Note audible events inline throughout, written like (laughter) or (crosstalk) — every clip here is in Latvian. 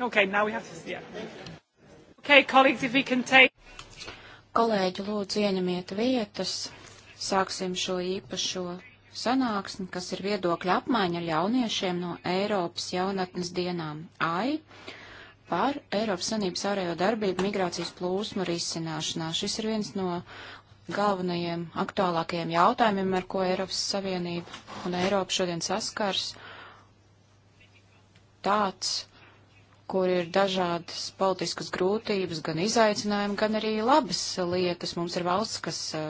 Okay, now we have to, yeah. Okay, colleagues, if we can take... Kolēģi, lūdzu, ieņemiet vietas. Sāksim šo īpašo sanāksmi, kas ir viedokļa apmaiņa ar jauniešiem no Eiropas jaunatnes dienām AI par Eiropas Sanības ārējo darbību migrācijas plūsmu risināšanā. Šis ir viens no galvenajiem aktuālākajiem jautājumiem, ar ko Eiropas Savienība un Eiropa šodien saskars. Tāds kur ir dažādas politiskas grūtības, gan izaicinājumi, gan arī labas lietas. Mums ir valsts, kas eh,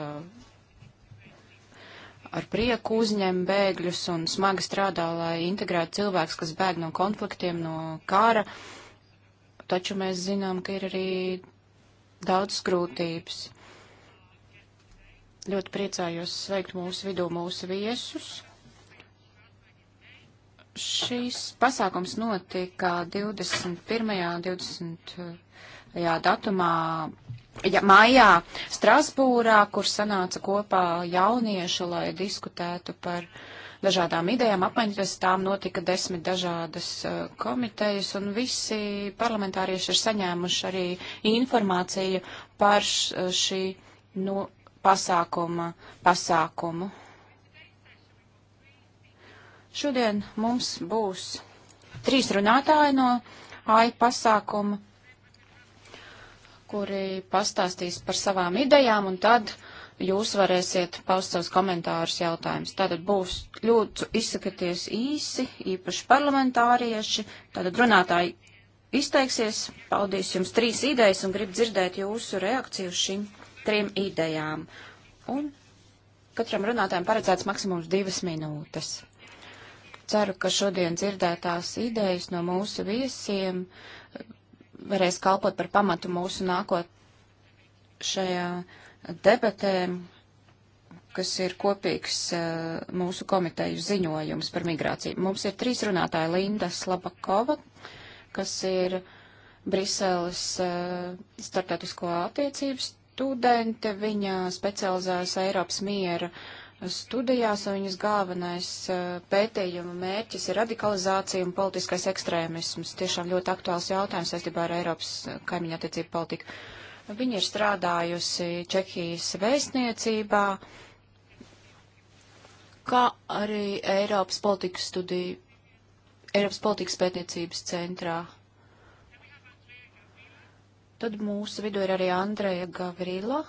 ar prieku uzņem bēgļus un smagi strādā, lai integrētu cilvēks, kas bēg no konfliktiem, no kara. Taču mēs zinām, ka ir arī daudz grūtības. Ļoti priecājos sveikt mūsu vidū mūsu viesus. Šīs pasākums notika 21. un 20. Jā, datumā ja, maijā Strasbūrā, kur sanāca kopā jaunieši, lai diskutētu par dažādām idejām. Apmaiņas tām notika desmit dažādas uh, komitejas, un visi parlamentārieši ir saņēmuši arī informāciju par š, eh, šī no, nu, pasākuma pasākumu. Šodien mums būs trīs runātāji no AI pasākuma, kuri pastāstīs par savām idejām, un tad jūs varēsiet paust savus komentārus jautājumus. Tātad būs ļoti izsakaties īsi, īpaši parlamentārieši, tātad runātāji izteiksies, paudīs jums trīs idejas un grib dzirdēt jūsu reakciju uz šīm trim idejām. Un katram runātājam paredzēts maksimums divas minūtes. Ceru, ka šodien dzirdētās idejas no mūsu viesiem varēs kalpot par pamatu mūsu nākot šajā debatēm, kas ir kopīgs uh, mūsu komiteju ziņojums par migrāciju. Mums ir trīs runātāji - Linda Slabakova, kas ir Briseles uh, eh, startautisko attiecību studente. Viņa specializējas Eiropas miera uh, studijās, un viņas galvenais eh, pētījuma mērķis ir radikalizācija un politiskais ekstrēmisms. Tiešām ļoti aktuāls jautājums saistībā ar Eiropas eh, kaimiņa attiecību politiku. Viņa ir strādājusi Čehijas vēstniecībā, kā arī Eiropas politikas studiju, Eiropas politikas pētniecības centrā. Tad mūsu vidū ir arī Andreja Gavrila.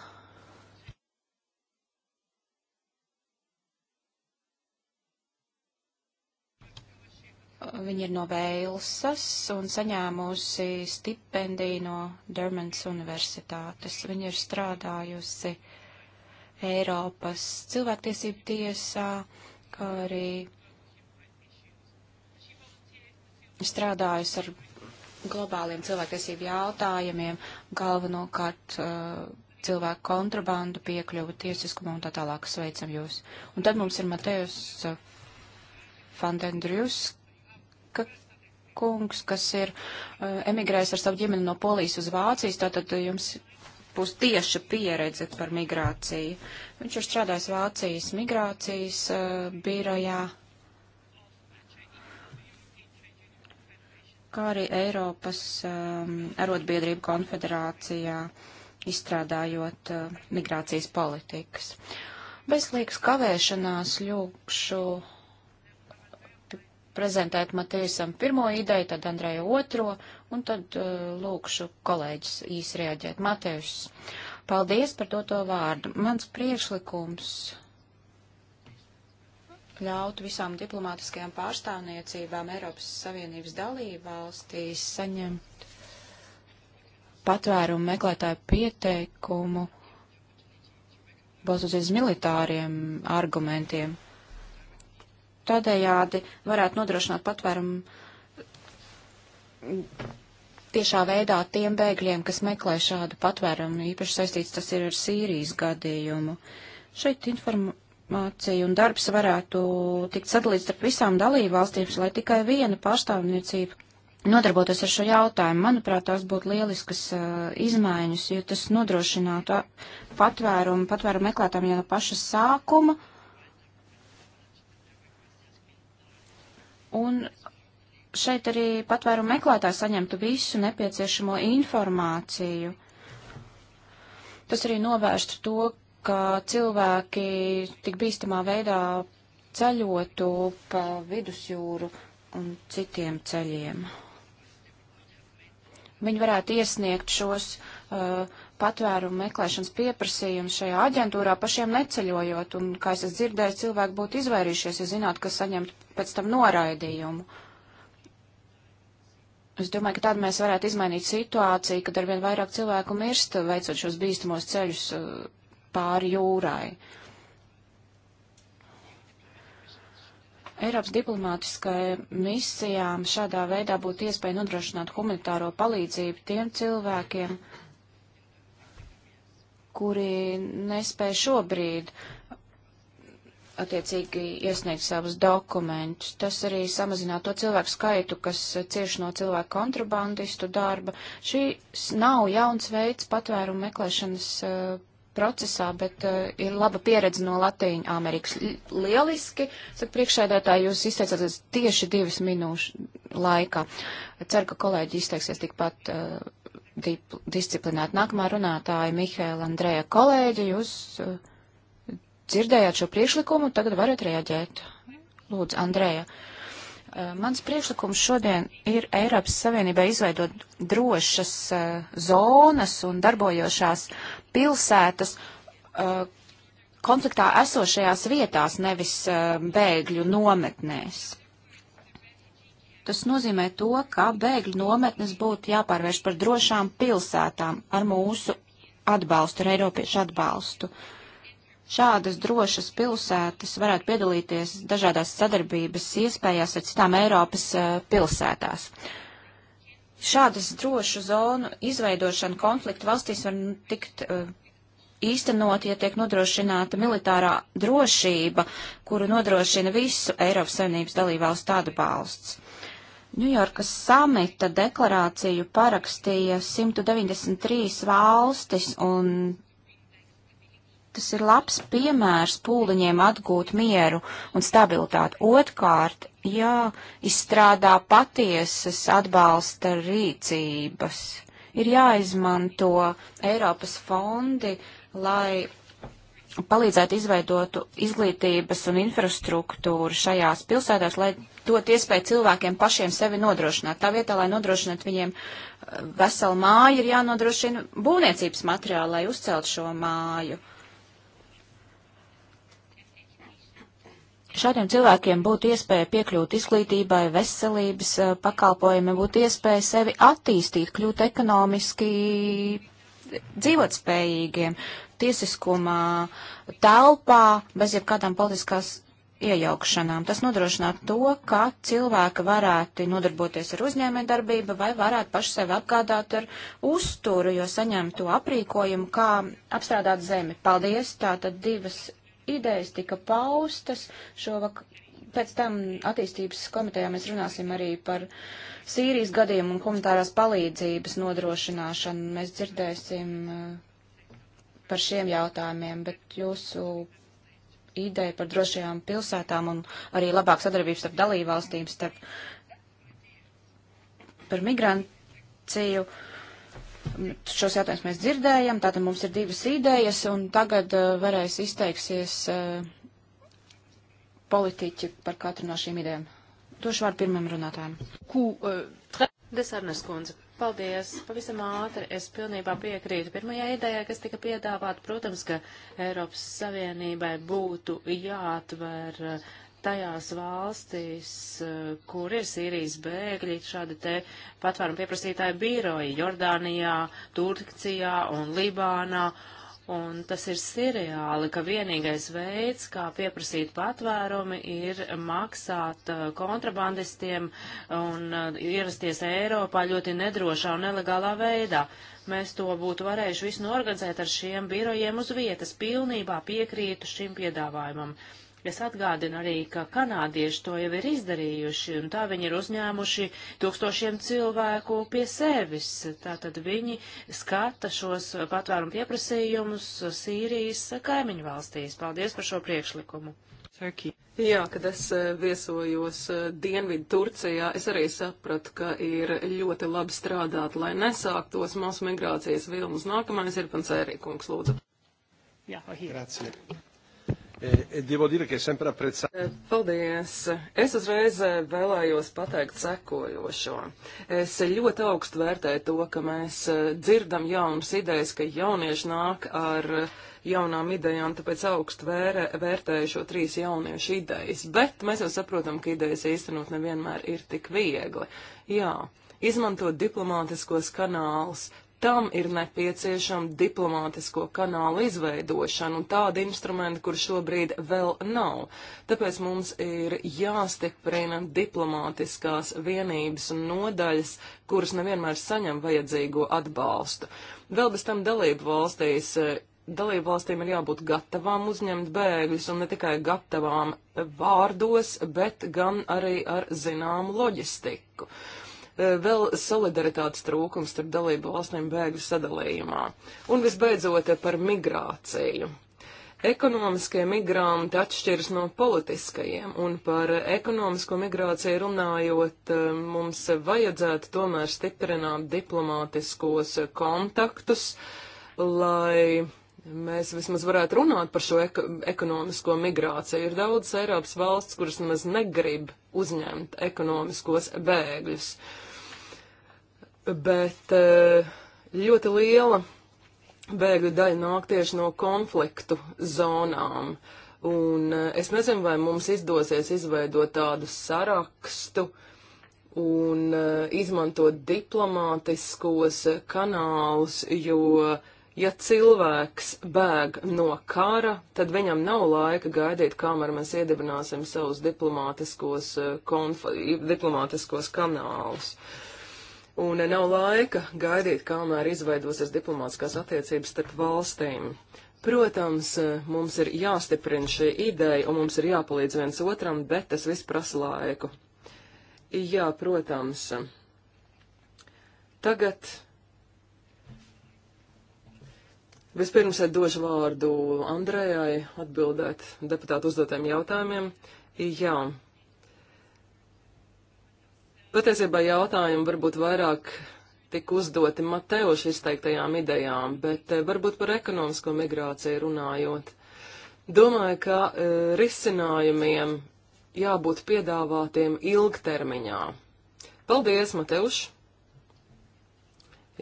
Viņa ir no Vēlsas un saņēmusi stipendiju no Dermans Universitātes. Viņa ir strādājusi Eiropas cilvēktiesību tiesā, kā arī strādājusi ar globāliem cilvēktiesību jautājumiem, galvenokārt uh, cilvēku kontrabandu, piekļuvu tiesiskumu un tā tālāk sveicam jūs. Un tad mums ir Matejus uh, Fandendrjus, Šika kungs, kas ir uh, emigrējis ar savu ģimeni no Polijas uz Vācijas, tātad jums būs tieša pieredze par migrāciju. Viņš ir strādājis Vācijas migrācijas uh, birojā, kā arī Eiropas um, arotbiedrību konfederācijā, izstrādājot uh, migrācijas politikas. Bez liekas kavēšanās ļūkšu prezentēt Matēsam pirmo ideju, tad Andreju otro, un tad uh, lūkšu kolēģis īsi reaģēt. Matēvs, paldies par doto vārdu. Mans priekšlikums ļaut visām diplomātiskajām pārstāvniecībām Eiropas Savienības dalību valstīs saņemt patvērumu meklētāju pieteikumu balstoties uz militāriem argumentiem tādējādi varētu nodrošināt patvērumu tiešā veidā tiem bēgļiem, kas meklē šādu patvērumu, īpaši saistīts tas ir ar Sīrijas gadījumu. Šeit informācija un darbs varētu tikt sadalīts starp visām dalībvalstīm, lai tikai viena pārstāvniecība nodarbotos ar šo jautājumu. Manuprāt, tās būtu lieliskas uh, izmaiņas, jo tas nodrošinātu patvērumu, patvērumu meklētājiem jau no paša sākuma. Uh, Un šeit arī patvērumu meklētāji saņemtu visu nepieciešamo informāciju. Tas arī novērstu to, ka cilvēki tik bīstamā veidā ceļotu pa vidusjūru un citiem ceļiem. Viņi varētu iesniegt šos uh, patvērumu meklēšanas pieprasījums šajā aģentūrā pašiem neceļojot, un, kā es dzirdēju, cilvēki būtu izvairījušies, ja zinātu, ka saņemt pēc tam noraidījumu. Es domāju, ka tad mēs varētu izmainīt situāciju, kad arvien vairāk cilvēku mirst, veicot šos bīstamos ceļus uh, pāri jūrai. Eiropas diplomātiskai misijām šādā veidā būtu iespēja nodrošināt humanitāro palīdzību tiem cilvēkiem, kuri nespēja šobrīd attiecīgi iesniegt savus dokumentus. Tas arī samazinā to cilvēku skaitu, kas cieš no cilvēku kontrabandistu darba. Šis nav jauns veids patvērumu meklēšanas uh, procesā, bet uh, ir laba pieredze no Latīņa Amerikas. Lieliski, saka priekšēdētāji, jūs izteicāties tieši divas minūšu laikā. Ceru, ka kolēģi izteiksies tikpat uh, disciplinēt. Nākamā runātāja Mihēla Andreja kolēģi, jūs eh, dzirdējāt šo priekšlikumu, tagad varat reaģēt. Lūdzu, Andreja. Eh, mans priekšlikums šodien ir Eiropas Savienībai izveidot drošas eh, zonas un darbojošās pilsētas konfliktā esošajās vietās, nevis bēgļu nometnēs. Tas nozīmē to, ka bēgļu nometnes būtu jāpārvērš par drošām pilsētām ar mūsu atbalstu, ar Eiropiešu atbalstu. Šādas drošas pilsētas varētu piedalīties dažādās sadarbības iespējās ar citām Eiropas uh, pilsētās. Šādas drošu zonu izveidošana konfliktu valstīs var tikt uh, īstenot, ja tiek nodrošināta militārā drošība, kuru nodrošina visu Eiropas Savienības dalībvalstu atbalsts. Ņujorkas samita deklarāciju parakstīja 193 valstis, un tas ir labs piemērs pūliņiem atgūt mieru un stabilitāti. Otkārt, jā, izstrādā patiesas atbalsta rīcības. Ir jāizmanto Eiropas fondi, lai palīdzētu izveidot izglītības un infrastruktūru šajās pilsētās, lai dot iespēju cilvēkiem pašiem sevi nodrošināt. Tā vietā, lai nodrošinātu viņiem eh, veselu māju, ir jānodrošina būvniecības materiāli, lai uzcelt šo māju. Šādiem cilvēkiem būtu iespēja piekļūt izglītībai, veselības eh, pakalpojumiem, būtu iespēja sevi attīstīt, kļūt ekonomiski dzīvot spējīgiem tiesiskumā telpā bez jebkādām politiskās iejaukšanām. Tas nodrošinātu to, ka cilvēki varētu nodarboties ar uzņēmējdarbību vai varētu paši sevi apgādāt ar uzturu, jo saņem to aprīkojumu, kā apstrādāt zemi. Paldies! Tātad divas idejas tika paustas. Šovak pēc tam attīstības komitejā mēs runāsim arī par uh, Sīrijas gadījumu un humanitārās palīdzības nodrošināšanu. Mēs dzirdēsim eh, par šiem jautājumiem, bet jūsu ideja par drošajām pilsētām un arī labāk sadarbības starp dalībvalstīm, starp par migrāciju. Šos jautājumus mēs dzirdējam, tātad mums ir divas idejas, un tagad uh, varēs izteiksies uh, politiķi par katru no šīm idejām. Došu vārdu pirmam runātājam. Ku, uh, Desarnes kundze, paldies. Pavisam ātri es pilnībā piekrītu pirmajā idejā, kas tika piedāvāta. Protams, ka Eiropas Savienībai būtu jāatver uh, tajās valstīs, eh, kur ir Sīrijas bēgļi, šādi te patvērumu pieprasītāji biroji Jordānijā, Turcijā un Libānā, Un tas ir seriāli, ka vienīgais veids, kā pieprasīt patvērumi, ir maksāt uh, kontrabandistiem un uh, ierasties Eiropā ļoti nedrošā un nelegālā veidā. Mēs to būtu varējuši visu norganizēt ar šiem birojiem uz vietas. Pilnībā piekrītu šim piedāvājumam. Es atgādinu arī, ka kanādieši to jau ir izdarījuši, un tā viņi ir uzņēmuši tūkstošiem cilvēku pie sevis. Tātad viņi skata šos patvērumu pieprasījumus Sīrijas kaimiņu valstīs. Paldies par šo priekšlikumu. Turkey. Jā, kad es eh, viesojos eh, Dienvidu Turcijā, es arī sapratu, ka ir ļoti labi strādāt, lai nesāktos masu migrācijas vilnas. Nākamais ir Pancērī kungs, lūdzu. Jā, Grācija. E, e, devo dire che è sempre apprezzato. E, paldies! Es uzreiz vēlējos pateikt sekojošo. Es ļoti augstu vērtēju to, ka mēs dzirdam jaunas idejas, ka jaunieši nāk ar jaunām idejām, tāpēc augstu vērē, vērtēju šo trīs jauniešu idejas. Bet mēs jau saprotam, ka idejas īstenot nevienmēr ir tik viegli. Jā, izmantot diplomātiskos kanālus, tam ir nepieciešama diplomātisko kanālu izveidošana un tāda instrumenta, kur šobrīd vēl nav. Tāpēc mums ir jāstiprina diplomātiskās vienības un nodaļas, kuras nevienmēr saņem vajadzīgo atbalstu. Vēl bez tam dalību valstīs. Eh, dalību valstīm ir jābūt gatavām uzņemt bēgļus un ne tikai gatavām vārdos, bet gan arī ar zināmu loģistiku. Uh, Eh, vēl solidaritātes trūkums starp dalību valstīm bēgļu sadalījumā. Un visbeidzot eh, par migrāciju. Ekonomiskie migranti atšķiras no politiskajiem, un par ekonomisko migrāciju runājot, eh, mums vajadzētu tomēr stiprināt diplomātiskos kontaktus, lai mēs vismaz varētu runāt par šo ek ekonomisko migrāciju. Ir daudz Eiropas valsts, kuras nemaz negrib uzņemt ekonomiskos bēgļus. Uh, bet eh, ļoti liela bēgļu daļa nāk tieši no konfliktu zonām. Un eh, es nezinu, vai mums izdosies izveidot tādu sarakstu un eh, izmantot diplomātiskos kanālus, jo ja cilvēks bēg no kara, tad viņam nav laika gaidīt, kamēr mēs iedibināsim savus diplomātiskos, konf... diplomātiskos kanālus. Uh, un nav laika gaidīt, kamēr izveidosies diplomātskās attiecības starp valstīm. Protams, mums ir jāstiprina šī ideja, un mums ir jāpalīdz viens otram, bet tas viss prasa laiku. Jā, protams. Tagad vispirms došu vārdu Andrējai atbildēt deputātu uzdotajiem jautājumiem. Jā, Patiesībā jautājumi varbūt vairāk tika uzdoti Mateoša izteiktajām idejām, bet eh, varbūt par ekonomisko migrāciju runājot. Domāju, ka e, risinājumiem jābūt piedāvātiem ilgtermiņā. Paldies, Mateuš!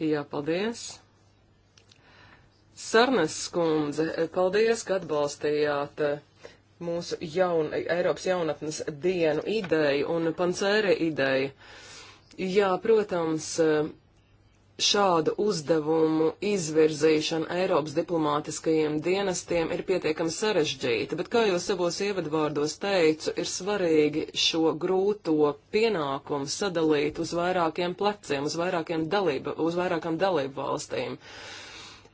Jā, paldies! Sarnes skundze, paldies, ka atbalstījāt! Eh, mūsu jaun, Eiropas jaunatnes dienu ideju un pancēri ideju. Jā, protams, šādu uzdevumu izvirzīšana Eiropas diplomātiskajiem dienestiem ir pietiekami sarežģīta, bet, kā jau savos ievadvārdos teicu, ir svarīgi šo grūto pienākumu sadalīt uz vairākiem pleciem, uz, vairākiem dalība, uz vairākām dalību valstīm. Uh,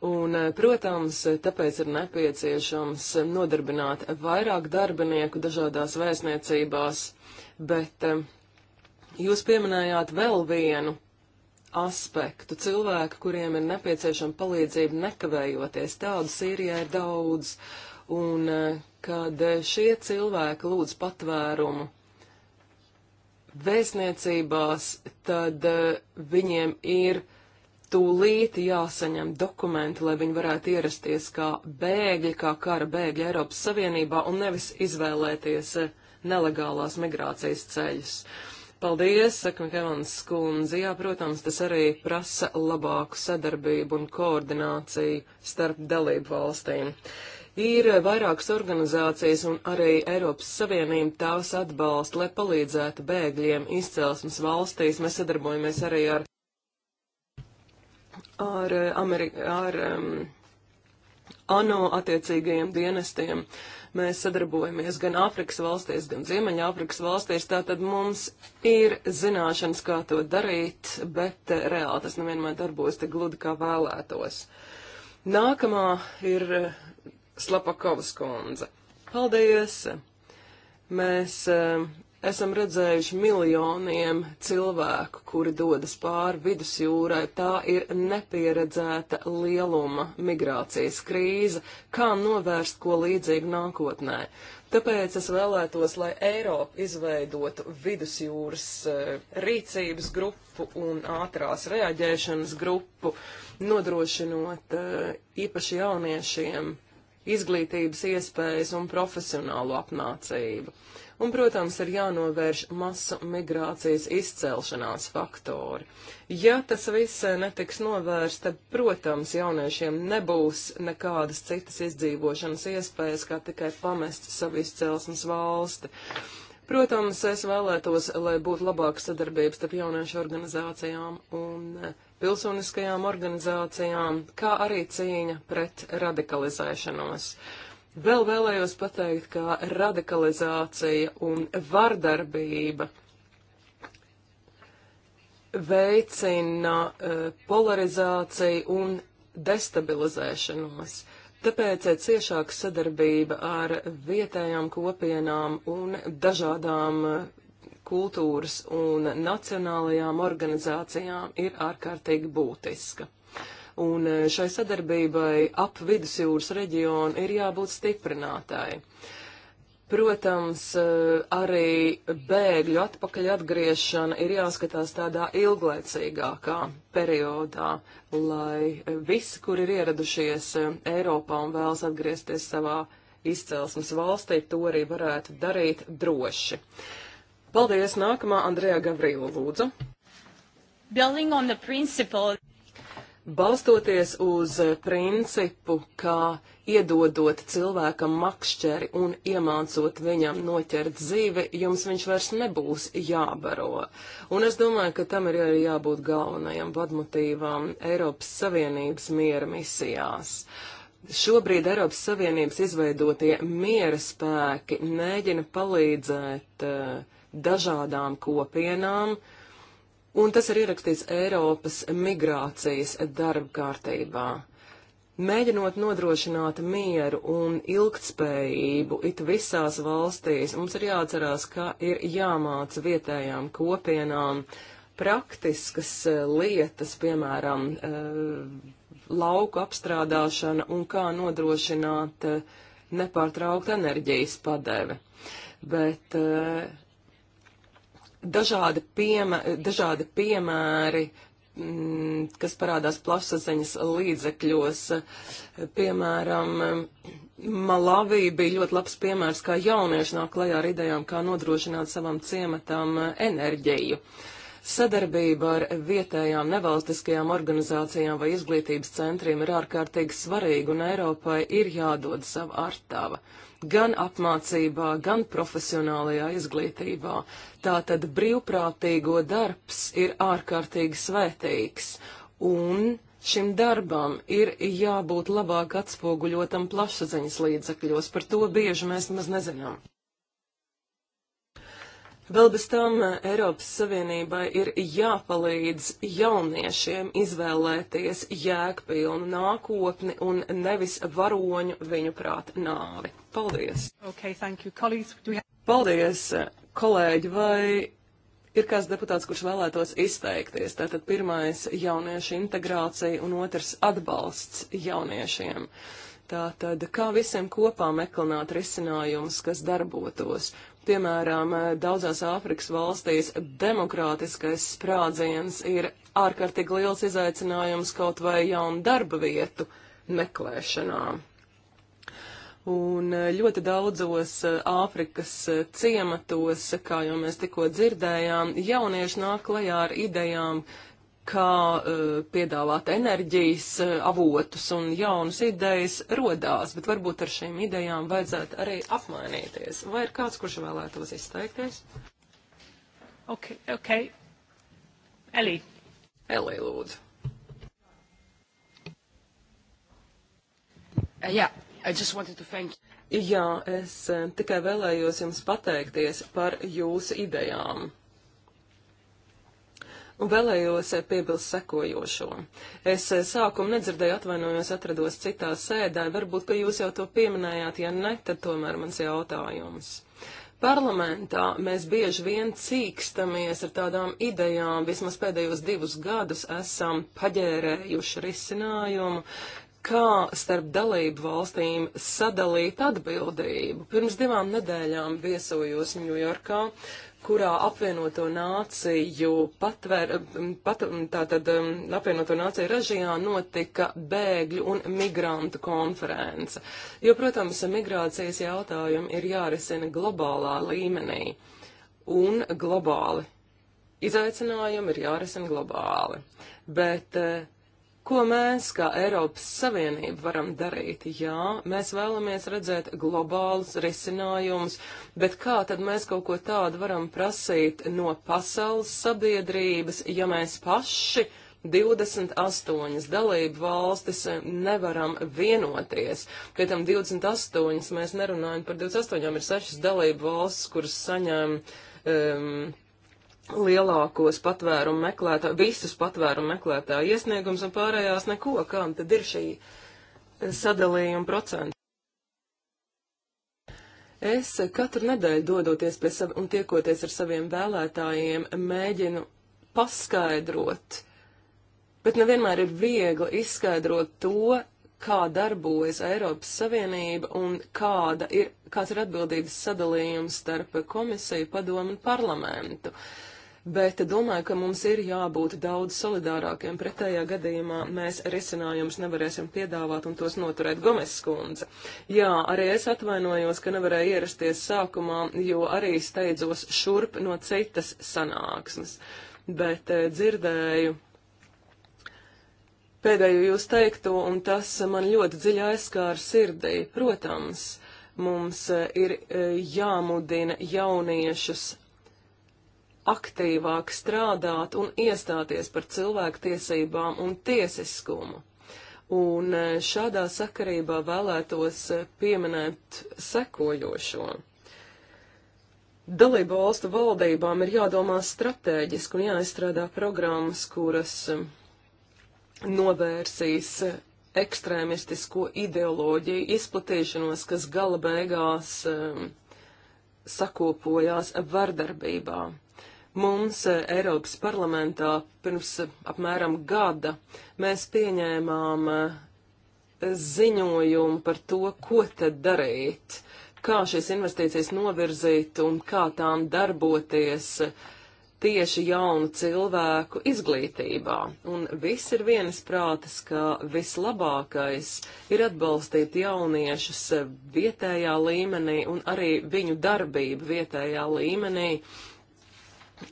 Un, eh, protams, tāpēc ir nepieciešams nodarbināt vairāk darbinieku dažādās vēstniecībās, bet eh, jūs pieminējāt vēl vienu aspektu cilvēku, kuriem ir nepieciešama palīdzība nekavējoties. Tādu Sīrijā ir daudz, un eh, kad šie cilvēki lūdz patvērumu vēstniecībās, tad viņiem ir tūlīt jāsaņem dokumenti, lai viņi varētu ierasties kā bēgļi, kā kara bēgļi Eiropas Savienībā un nevis izvēlēties eh, nelegālās migrācijas ceļus. Paldies, saka Kevans Skundze. Jā, protams, tas arī prasa labāku sadarbību un koordināciju starp dalību valstīm. Ir vairākas organizācijas un arī Eiropas Savienība tās atbalsta, lai palīdzētu bēgļiem izcelsmes valstīs. Mēs sadarbojamies arī ar ar, eh, Ameri ar um, ANO attiecīgajiem dienestiem. Mēs sadarbojamies gan Āfrikas valstīs, gan Ziemeļāfrikas valstīs, tātad mums ir zināšanas, kā to darīt, bet eh, reāli tas nevienmēr darbojas tik gludi, kā vēlētos. Nākamā ir eh, Slapakovas kundze. Paldies! Mēs uh, esam redzējuši miljoniem cilvēku, kuri dodas pāri vidusjūrai. Tā ir nepieredzēta lieluma migrācijas krīze. Kā novērst ko līdzīgu nākotnē? Tāpēc es vēlētos, lai Eiropa izveidotu vidusjūras eh, rīcības grupu un ātrās reaģēšanas grupu, nodrošinot eh, īpaši jauniešiem izglītības iespējas un profesionālu apmācību un, protams, ir jānovērš masu migrācijas izcelšanās faktori. Ja tas viss netiks novērsts, tad, protams, jauniešiem nebūs nekādas citas izdzīvošanas iespējas, kā tikai pamest savu izcelsmes valsti. Protams, es vēlētos, lai būtu labāka sadarbības starp jauniešu organizācijām un pilsoniskajām organizācijām, kā arī cīņa pret radikalizēšanos. Uh, Vēl vēlējos pateikt, ka radikalizācija un vardarbība veicina eh, polarizāciju un destabilizēšanos. Tāpēc ciešāka sadarbība ar vietējām kopienām un dažādām eh, kultūras un nacionālajām organizācijām ir ārkārtīgi būtiska un eh, šai sadarbībai ap vidusjūras reģionu ir jābūt stiprinātai. Protams, eh, arī bēgļu atpakaļ atgriešana ir jāskatās tādā ilglaicīgākā periodā, lai visi, kur ir ieradušies eh, Eiropā un vēlas atgriezties savā izcelsmes valstī, to arī varētu darīt droši. Paldies! Nākamā Andrejā Gavrīla lūdzu balstoties uz principu, ka iedodot cilvēkam makšķeri un iemācot viņam noķert dzīvi, jums viņš vairs nebūs jābaro. Un es domāju, ka tam ir arī jābūt galvenajam vadmotīvam Eiropas Savienības miera misijās. Šobrīd Eiropas Savienības izveidotie miera spēki mēģina palīdzēt uh, dažādām kopienām, uh, un tas ir ierakstīts Eiropas migrācijas darba kārtībā. Mēģinot nodrošināt mieru un ilgtspējību it visās valstīs, mums ir jāatcerās, ka ir jāmāca vietējām kopienām praktiskas eh, lietas, piemēram, eh, lauku apstrādāšana un kā nodrošināt eh, nepārtraukt enerģijas padeve. Bet uh, dažādi, piemē, dažādi piemēri, m, mm, kas parādās plašsaziņas līdzekļos. Piemēram, Malavī bija ļoti labs piemērs, kā jaunieši nāk klajā ar idejām, kā nodrošināt savam ciematam enerģiju. Sadarbība ar vietējām nevalstiskajām organizācijām vai izglītības centriem ir ārkārtīgi svarīga, un Eiropai ir jādod sava artava. Uh, gan apmācībā, gan profesionālajā izglītībā. Tātad brīvprātīgo darbs ir ārkārtīgi svētīgs, un šim darbam ir jābūt labāk atspoguļotam plašsaziņas līdzakļos, par to bieži mēs maz nezinām. Vēl bez tam eh, Eiropas Savienībai ir jāpalīdz jauniešiem izvēlēties jēgpilnu nākotni un nevis varoņu viņu prāt nāvi. Paldies! Okay, thank you. Colleagues, do we have... Paldies, eh, kolēģi, vai ir kāds deputāts, kurš vēlētos izteikties? Tātad pirmais jauniešu integrācija un otrs atbalsts jauniešiem. Tātad, kā visiem kopā meklināt risinājumus, kas darbotos? Piemēram, daudzās Āfrikas valstīs demokrātiskais sprādziens ir ārkārtīgi liels izaicinājums kaut vai jaunu darba vietu meklēšanā. Un eh, ļoti daudzos eh, Āfrikas eh, ciematos, kā jau mēs tikko dzirdējām, jaunieši nāk klajā ar idejām, uh, kā uh, piedāvāt enerģijas uh, avotus un jaunas idejas rodās, bet varbūt ar šīm idejām vajadzētu arī apmainīties. Vai ir kāds, kurš vēlētos izteikties? Ok, ok. Elī. Elī, lūdzu. Uh, yeah, I just wanted to thank you. Jā, es e, tikai vēlējos jums pateikties par jūsu idejām. Un vēlējos piebilst sekojošo. Es eh, sākumu nedzirdēju, atvainojos, atrados citā sēdē. Varbūt, ka jūs jau to pieminējāt, ja ne, tad tomēr mans jautājums. Parlamentā mēs bieži vien cīkstamies ar tādām idejām, vismaz pēdējos divus gadus esam paģērējuši risinājumu, kā starp dalību valstīm sadalīt atbildību. Pirms divām nedēļām viesojos Ņujorkā, kurā apvienoto nāciju patver, um, pat, um, tātad um, apvienoto nāciju režijā notika bēgļu un migrantu konference. Jo, protams, migrācijas jautājumi ir jārisina globālā līmenī un globāli. Izaicinājumi ir jārisina globāli, bet eh, Ko mēs, kā Eiropas Savienība, varam darīt? Jā, mēs vēlamies redzēt globālus risinājumus, bet kā tad mēs kaut ko tādu varam prasīt no pasaules sabiedrības, ja mēs paši 28 dalību valstis nevaram vienoties? Pie tam 28 mēs nerunājam par 28, ir 6 dalību valstis, kuras saņem. Um, lielākos patvērumu meklētāju, visus patvērumu meklētāju iesniegums un pārējās neko, kam tad ir šī sadalījuma procenta. Es katru nedēļu dodoties pie savi un tiekoties ar saviem vēlētājiem, mēģinu paskaidrot, bet nevienmēr ir viegli izskaidrot to, kā darbojas Eiropas Savienība un kāda ir, kāds ir atbildības sadalījums starp komisiju, padomu un parlamentu. Uh, bet domāju, ka mums ir jābūt daudz solidārākiem. Pretējā gadījumā mēs risinājumus nevarēsim piedāvāt un tos noturēt Gomes skundze. Jā, arī es atvainojos, ka nevarēju ierasties sākumā, jo arī steidzos šurp no citas sanāksmes, bet eh, dzirdēju. Pēdējo jūs teikto, un tas man ļoti dziļi aizskāra sirdī. Protams, mums eh, ir eh, jāmudina jauniešus aktīvāk strādāt un iestāties par cilvēku tiesībām un tiesiskumu. Un e, šādā sakarībā vēlētos e, pieminēt sekojošo. Dalību valstu valdībām ir jādomā strateģiski un jāizstrādā programmas, kuras e, novērsīs ekstrēmistisko ideoloģiju izplatīšanos, kas gala beigās um, sakopojās vardarbībā. Mums eh, Eiropas parlamentā pirms eh, apmēram gada mēs pieņēmām eh, ziņojumu par to, ko tad darīt, kā šīs investīcijas novirzīt un kā tām darboties tieši jaunu cilvēku izglītībā. Un viss ir vienas prātas, ka vislabākais ir atbalstīt jauniešus vietējā līmenī un arī viņu darbību vietējā līmenī,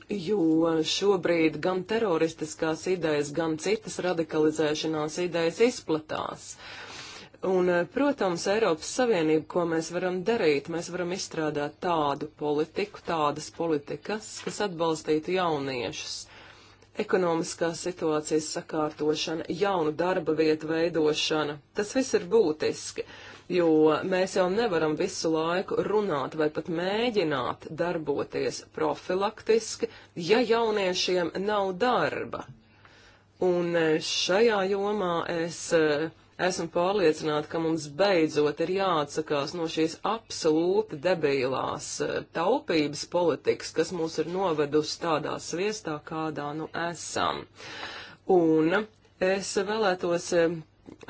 jo šobrīd gan teroristiskās idejas, gan citas radikalizēšanās idejas izplatās. Un, eh, protams, Eiropas Savienība, ko mēs varam darīt, mēs varam izstrādāt tādu politiku, tādas politikas, kas atbalstītu jauniešus. Ekonomiskās situācijas sakārtošana, jaunu darba vietu veidošana, tas viss ir būtiski. Uh, jo mēs jau nevaram visu laiku runāt vai pat mēģināt darboties profilaktiski, ja jauniešiem nav darba. Un e, šajā jomā es e, esmu pārliecināta, ka mums beidzot ir jāatsakās no šīs absolūti debilās e, taupības politikas, kas mūs ir novedusi tādā sviestā, kādā nu esam. Un es vēlētos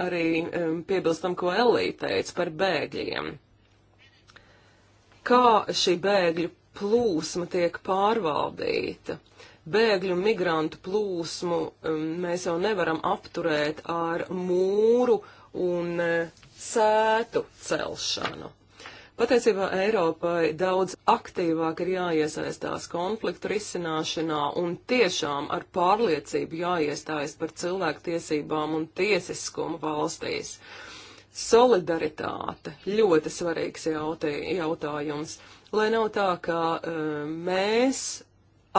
arī um, piebilstam, ko Elī teica par bēgļiem. Kā šī bēgļu plūsma tiek pārvaldīta? Bēgļu un migrantu plūsmu um, mēs jau nevaram apturēt ar mūru un uh, sētu celšanu. Patiesībā Eiropai daudz aktīvāk ir jāiesaistās konfliktu risināšanā un tiešām ar pārliecību jāiestājas par cilvēktiesībām un tiesiskumu valstīs. Solidaritāte ļoti svarīgs jautī, jautājums, lai nav tā, ka uh, mēs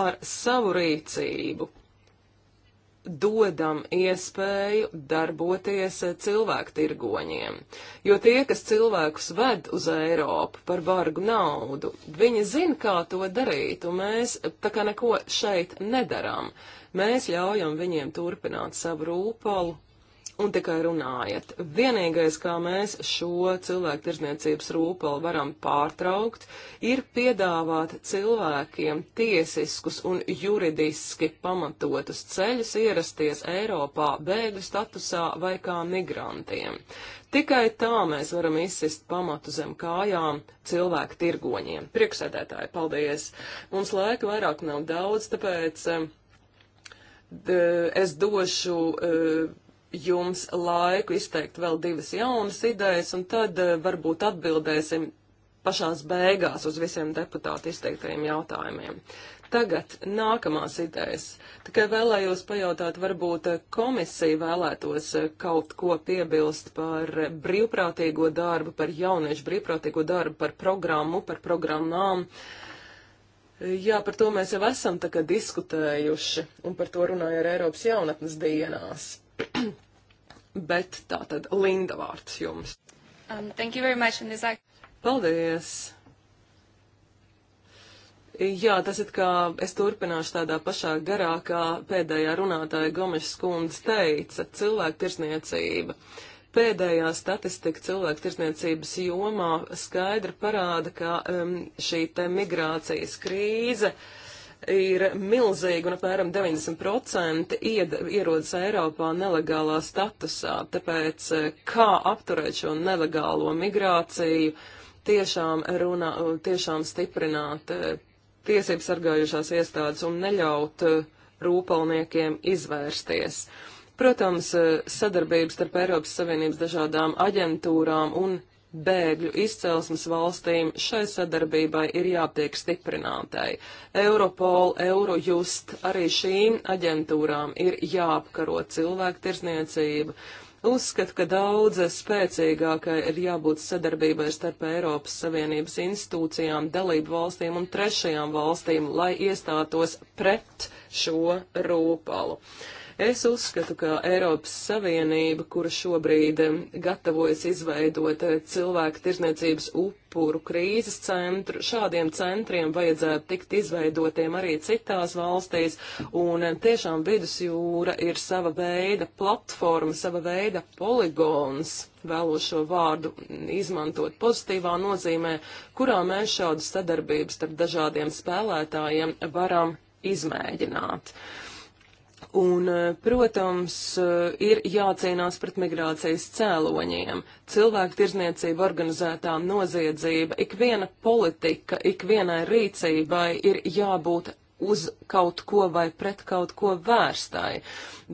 ar savu rīcību dodam iespēju darboties cilvēku tirgoņiem, jo tie, kas cilvēkus ved uz Eiropu par bargu naudu, viņi zina, kā to darīt, un mēs tā kā neko šeit nedaram. Mēs ļaujam viņiem turpināt savu rūpalu un tikai runājat. Vienīgais, kā mēs šo cilvēku tirzniecības rūpeli varam pārtraukt, ir piedāvāt cilvēkiem tiesiskus un juridiski pamatotus ceļus ierasties Eiropā bēgļu statusā vai kā migrantiem. Tikai tā mēs varam izsist pamatu zem kājām cilvēku tirgoņiem. Priekšsēdētāji, paldies! Mums laika vairāk nav daudz, tāpēc eh, es došu uh, jums laiku izteikt vēl divas jaunas idejas, un tad eh, varbūt atbildēsim pašās beigās uz visiem deputātu izteiktajiem jautājumiem. Tagad nākamās idejas. Tikai vēlējos pajautāt, varbūt eh, komisija vēlētos eh, kaut ko piebilst par brīvprātīgo darbu, par jauniešu brīvprātīgo darbu, par programmu, par programmām. Jā, par to mēs jau esam tā kā diskutējuši, un par to runāja ar Eiropas jaunatnes dienās. (clears throat) Bet tā tad Linda vārds jums. Um, thank you very much. And this act... Paldies! Jā, tas ir kā es turpināšu tādā pašā garā, kā pēdējā runātāja Gomeša skundze teica - cilvēku tirsniecība. Pēdējā statistika cilvēku tirsniecības jomā skaidri parāda, ka um, šī te migrācijas krīze uh, ir milzīga un apmēram 90% ied, ierodas Eiropā nelegālā statusā. Tāpēc eh, kā apturēt šo nelegālo migrāciju, tiešām, runā, tiešām stiprināt eh, tiesības sargājušās iestādes un neļaut eh, rūpalniekiem izvērsties. Protams, sadarbības starp Eiropas Savienības dažādām aģentūrām un bēgļu izcelsmes valstīm šai sadarbībai ir jātiek stiprinātai. Europol, Eurojust, arī šīm aģentūrām ir jāapkaro cilvēktirzniecība. Uzskatu, ka daudz spēcīgākai ir jābūt sadarbībai starp Eiropas Savienības institūcijām, dalību valstīm un trešajām valstīm, lai iestātos pret šo rūpalu. Uh, Es uzskatu, ka Eiropas Savienība, kura šobrīd gatavojas izveidot eh, cilvēku tirzniecības upuru krīzes centru, šādiem centriem vajadzētu tikt izveidotiem arī citās valstīs, un tiešām vidusjūra ir sava veida platforma, sava veida poligons vēlos šo vārdu izmantot pozitīvā nozīmē, kurā mēs šādu sadarbību starp dažādiem spēlētājiem varam izmēģināt. Uh, Un, eh, protams, eh, ir jācīnās pret migrācijas cēloņiem. Cilvēku tirzniecība, organizētā noziedzība, ikviena politika, ikvienai rīcībai ir jābūt uz kaut ko vai pret kaut ko vērstai,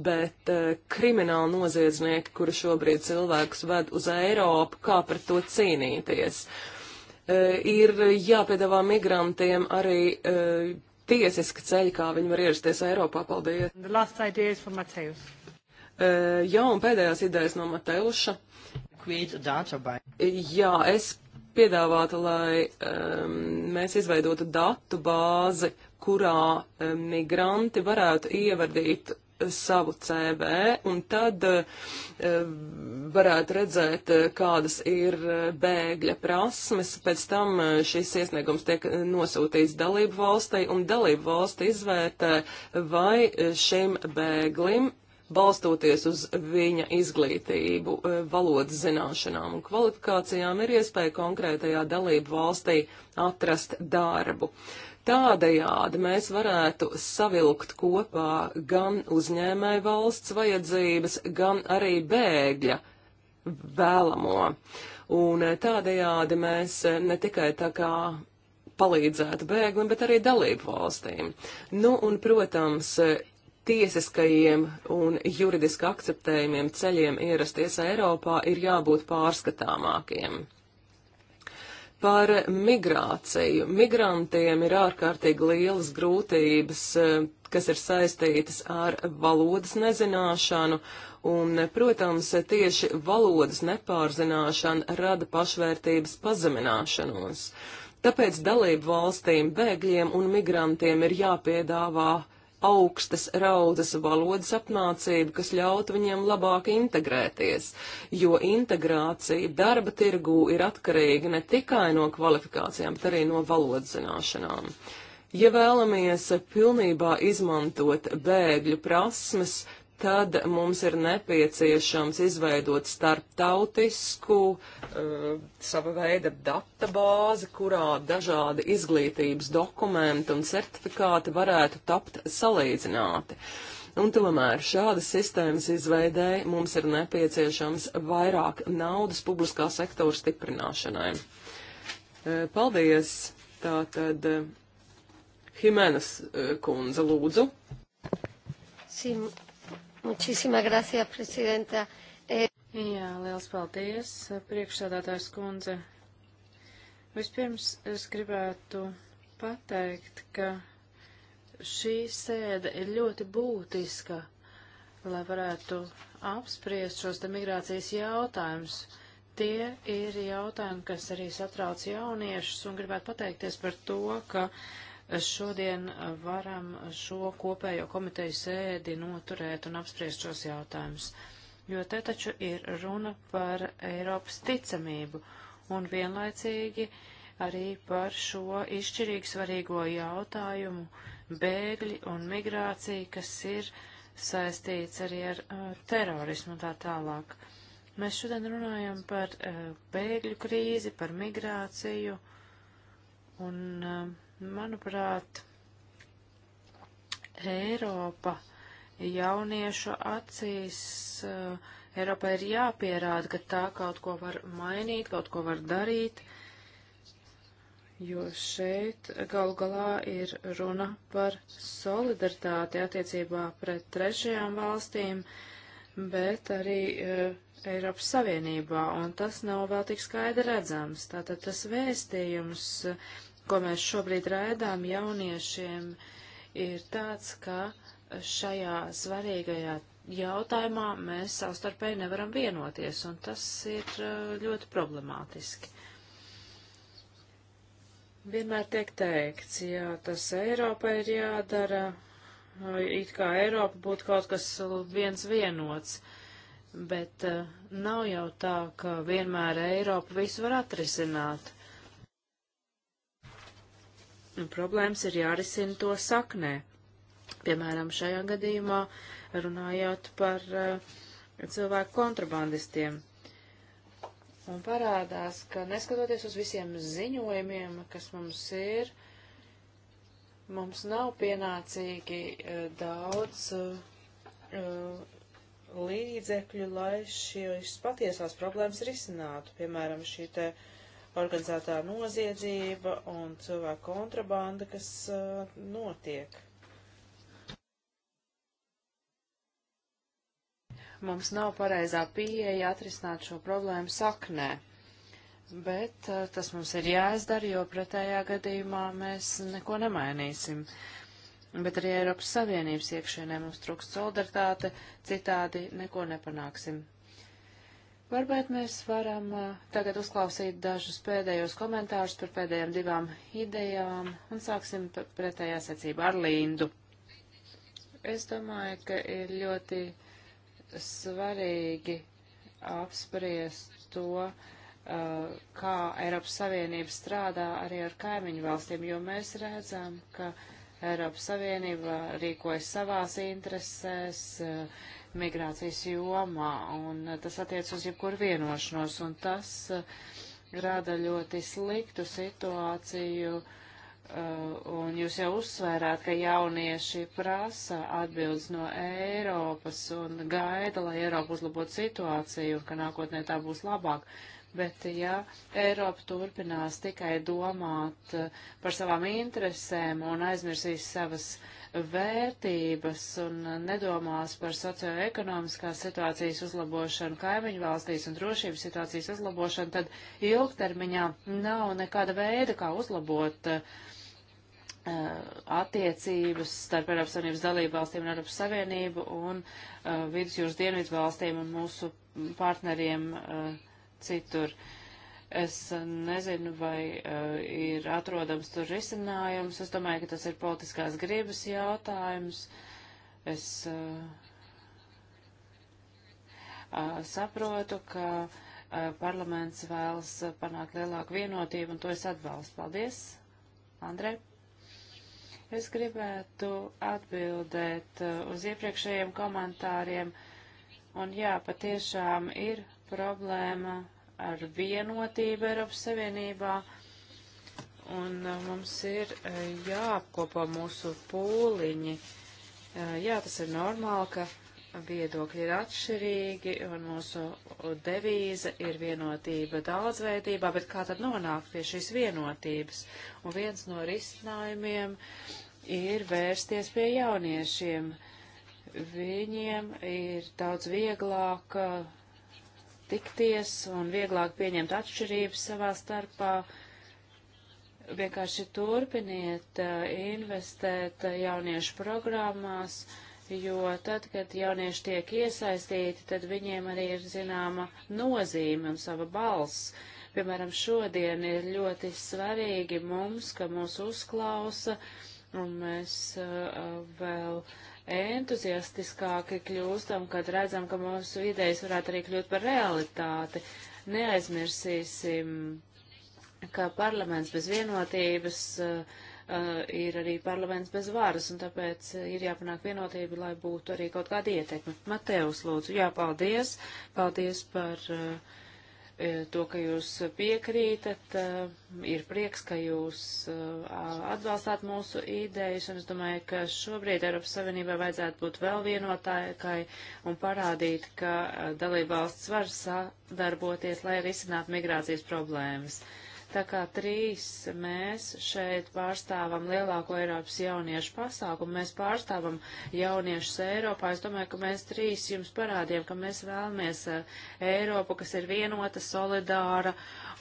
bet uh, krimināli noziedznieki, kuri šobrīd cilvēkus ved uz Eiropu, kā pret to cīnīties. Uh, ir jāpiedāvā migrantiem arī uh, tiesiska ceļa, kā viņi var ierasties Eiropā. Paldies! Uh, jā, un pēdējās idejas no Mateuša. E, jā, es piedāvātu, lai um, mēs izveidotu datu bāzi, kurā um, migranti varētu ievadīt savu CV, un tad e, varētu redzēt, eh, kādas ir eh, bēgļa prasmes. Pēc tam šis iesniegums tiek nosūtīts dalību valstī, un dalību valsti izvērtē, vai šim bēglim balstoties uz viņa izglītību, valodas zināšanām un kvalifikācijām, ir iespēja konkrētajā dalību valstī atrast darbu. Uh, Tādējādi mēs varētu savilkt kopā gan uzņēmēju valsts vajadzības, gan arī bēgļa vēlamo. Un tādējādi mēs ne tikai tā kā palīdzētu bēglim, bet arī dalību valstīm. Nu, un, protams, tiesiskajiem un juridiski akceptējumiem ceļiem ierasties Eiropā ir jābūt pārskatāmākiem. Par migrāciju. Migrantiem ir ārkārtīgi lielas grūtības, eh, kas ir saistītas ar valodas nezināšanu, un, eh, protams, tieši valodas nepārzināšana rada pašvērtības pazemināšanos. Tāpēc dalību valstīm, bēgļiem un migrantiem ir jāpiedāvā augstas raudzes valodas apmācību, kas ļautu viņiem labāk integrēties, jo integrācija darba tirgū ir atkarīga ne tikai no kvalifikācijām, bet arī no valodas zināšanām. Ja vēlamies pilnībā izmantot bēgļu prasmes, tad mums ir nepieciešams izveidot starptautisku uh, sava veida databāzi, kurā dažādi izglītības dokumenti un certifikāti varētu tapt salīdzināti. Un tomēr šādas sistēmas izveidēji mums ir nepieciešams vairāk naudas publiskā sektora stiprināšanai. Uh, paldies! Tātad uh, Himenes uh, kundze lūdzu. Sim, Muchísimas gracias, presidenta. E... Jā, liels paldies, priekšsādātājs kundze. Vispirms es gribētu pateikt, ka šī sēde ir ļoti būtiska, lai varētu apspriest šos te migrācijas jautājumus. Tie ir jautājumi, kas arī satrauc jauniešus un gribētu pateikties par to, ka uh, šodien varam šo kopējo komiteju sēdi noturēt un apspriest šos jautājumus. Jo te taču ir runa par Eiropas ticamību un vienlaicīgi arī par šo izšķirīgi svarīgo jautājumu bēgļi un migrācija, kas ir saistīts arī ar uh, terorismu un tā tālāk. Mēs šodien runājam par uh, bēgļu krīzi, par migrāciju un uh, Manuprāt, Eiropa jauniešu acīs, eh, Eiropa ir jāpierāda, ka tā kaut ko var mainīt, kaut ko var darīt, jo šeit galu galā ir runa par solidaritāti attiecībā pret trešajām valstīm, bet arī eh, Eiropas Savienībā, un tas nav vēl tik skaidri redzams. Tātad tas vēstījums. Uh, ko mēs šobrīd raidām jauniešiem, ir tāds, ka šajā svarīgajā jautājumā mēs savstarpēji nevaram vienoties, un tas ir eh, ļoti problemātiski. Vienmēr tiek teikts, jā, tas Eiropai ir jādara, it kā Eiropa būtu kaut kas viens vienots, bet eh, nav jau tā, ka vienmēr Eiropa visu var atrisināt problēmas ir jārisina to saknē. Piemēram, šajā gadījumā runājot par uh, cilvēku kontrabandistiem. Un parādās, ka neskatoties uz visiem ziņojumiem, kas mums ir, mums nav pienācīgi uh, daudz uh, līdzekļu, lai šīs patiesās problēmas risinātu. Piemēram, šī te uh, organizētā noziedzība un cilvēku kontrabanda, kas uh, notiek. Mums nav pareizā pieeja atrisināt šo problēmu saknē, bet uh, tas mums ir jāizdara, jo pretējā gadījumā mēs neko nemainīsim. Bet arī Eiropas Savienības iekšienē mums trūkst solidaritāte, citādi neko nepanāksim. Varbūt mēs varam tagad uzklausīt dažus pēdējos komentārus par pēdējām divām idejām un sāksim pretējā secībā ar Lindu. Es domāju, ka ir ļoti svarīgi apspriest to, kā Eiropas Savienība strādā arī ar kaimiņu valstīm, jo mēs redzam, ka Eiropas Savienība rīkojas savās interesēs, migrācijas jomā, un eh, tas attiec uz jebkuru vienošanos, un tas eh, rada ļoti sliktu situāciju, eh, un jūs jau uzsvērāt, ka jaunieši prasa atbildes no Eiropas un gaida, lai Eiropa uzlabotu situāciju, un ka nākotnē tā būs labāk. Bet, ja Eiropa turpinās tikai domāt par savām interesēm un aizmirsīs savas uh, vērtības un nedomās par socioekonomiskās situācijas uzlabošanu kaimiņu valstīs un drošības situācijas uzlabošanu, tad ilgtermiņā nav nekāda veida, kā uzlabot uh, attiecības starp Eiropas Savienības dalību valstīm un Eiropas Savienību un uh, vidusjūras dienvidu valstīm un mūsu partneriem uh, citur. Uh, Es nezinu, vai uh, ir atrodams tur risinājums. Es domāju, ka tas ir politiskās gribas jautājums. Es uh, uh, saprotu, ka uh, parlaments vēlas panākt lielāku vienotību, un to es atbalstu. Paldies, Andrei. Es gribētu atbildēt uh, uz iepriekšējiem komentāriem. Un jā, patiešām ir problēma ar vienotību Eiropas Savienībā, un uh, mums ir uh, jāapkopo mūsu pūliņi. Uh, jā, tas ir normāli, ka viedokļi ir atšķirīgi, un mūsu devīze ir vienotība daudzveidībā, bet kā tad nonākt pie šīs vienotības? Un viens no risinājumiem ir vērsties pie jauniešiem. Viņiem ir daudz vieglāk tikties un vieglāk pieņemt atšķirības savā starpā. Vienkārši turpiniet eh, investēt eh, jauniešu programmās, jo tad, kad jaunieši tiek iesaistīti, tad viņiem arī ir zināma nozīme un sava balss. Piemēram, šodien ir ļoti svarīgi mums, ka mūs uzklausa, un mēs uh, vēl uh, entuziastiskāki kļūstam, kad redzam, ka mūsu idejas varētu arī kļūt par realitāti. Neaizmirsīsim, ka parlaments bez vienotības uh, uh, ir arī parlaments bez varas, un tāpēc ir jāpanāk vienotība, lai būtu arī kaut kāda ietekme. Mateus, lūdzu, jā, paldies. Paldies par. Uh, E, to, ka jūs piekrītat. E, ir prieks, ka jūs e, atbalstāt mūsu idejas, un es domāju, ka šobrīd Eiropas Savienībai vajadzētu būt vēl vienotākai un parādīt, ka dalībvalsts var sadarboties, lai risinātu migrācijas problēmas. Uh, Tā kā trīs mēs šeit pārstāvam lielāko Eiropas jauniešu pasākumu, mēs pārstāvam jauniešus Eiropā. Es domāju, ka mēs trīs jums parādījām, ka mēs vēlamies eh, Eiropu, kas ir vienota, solidāra,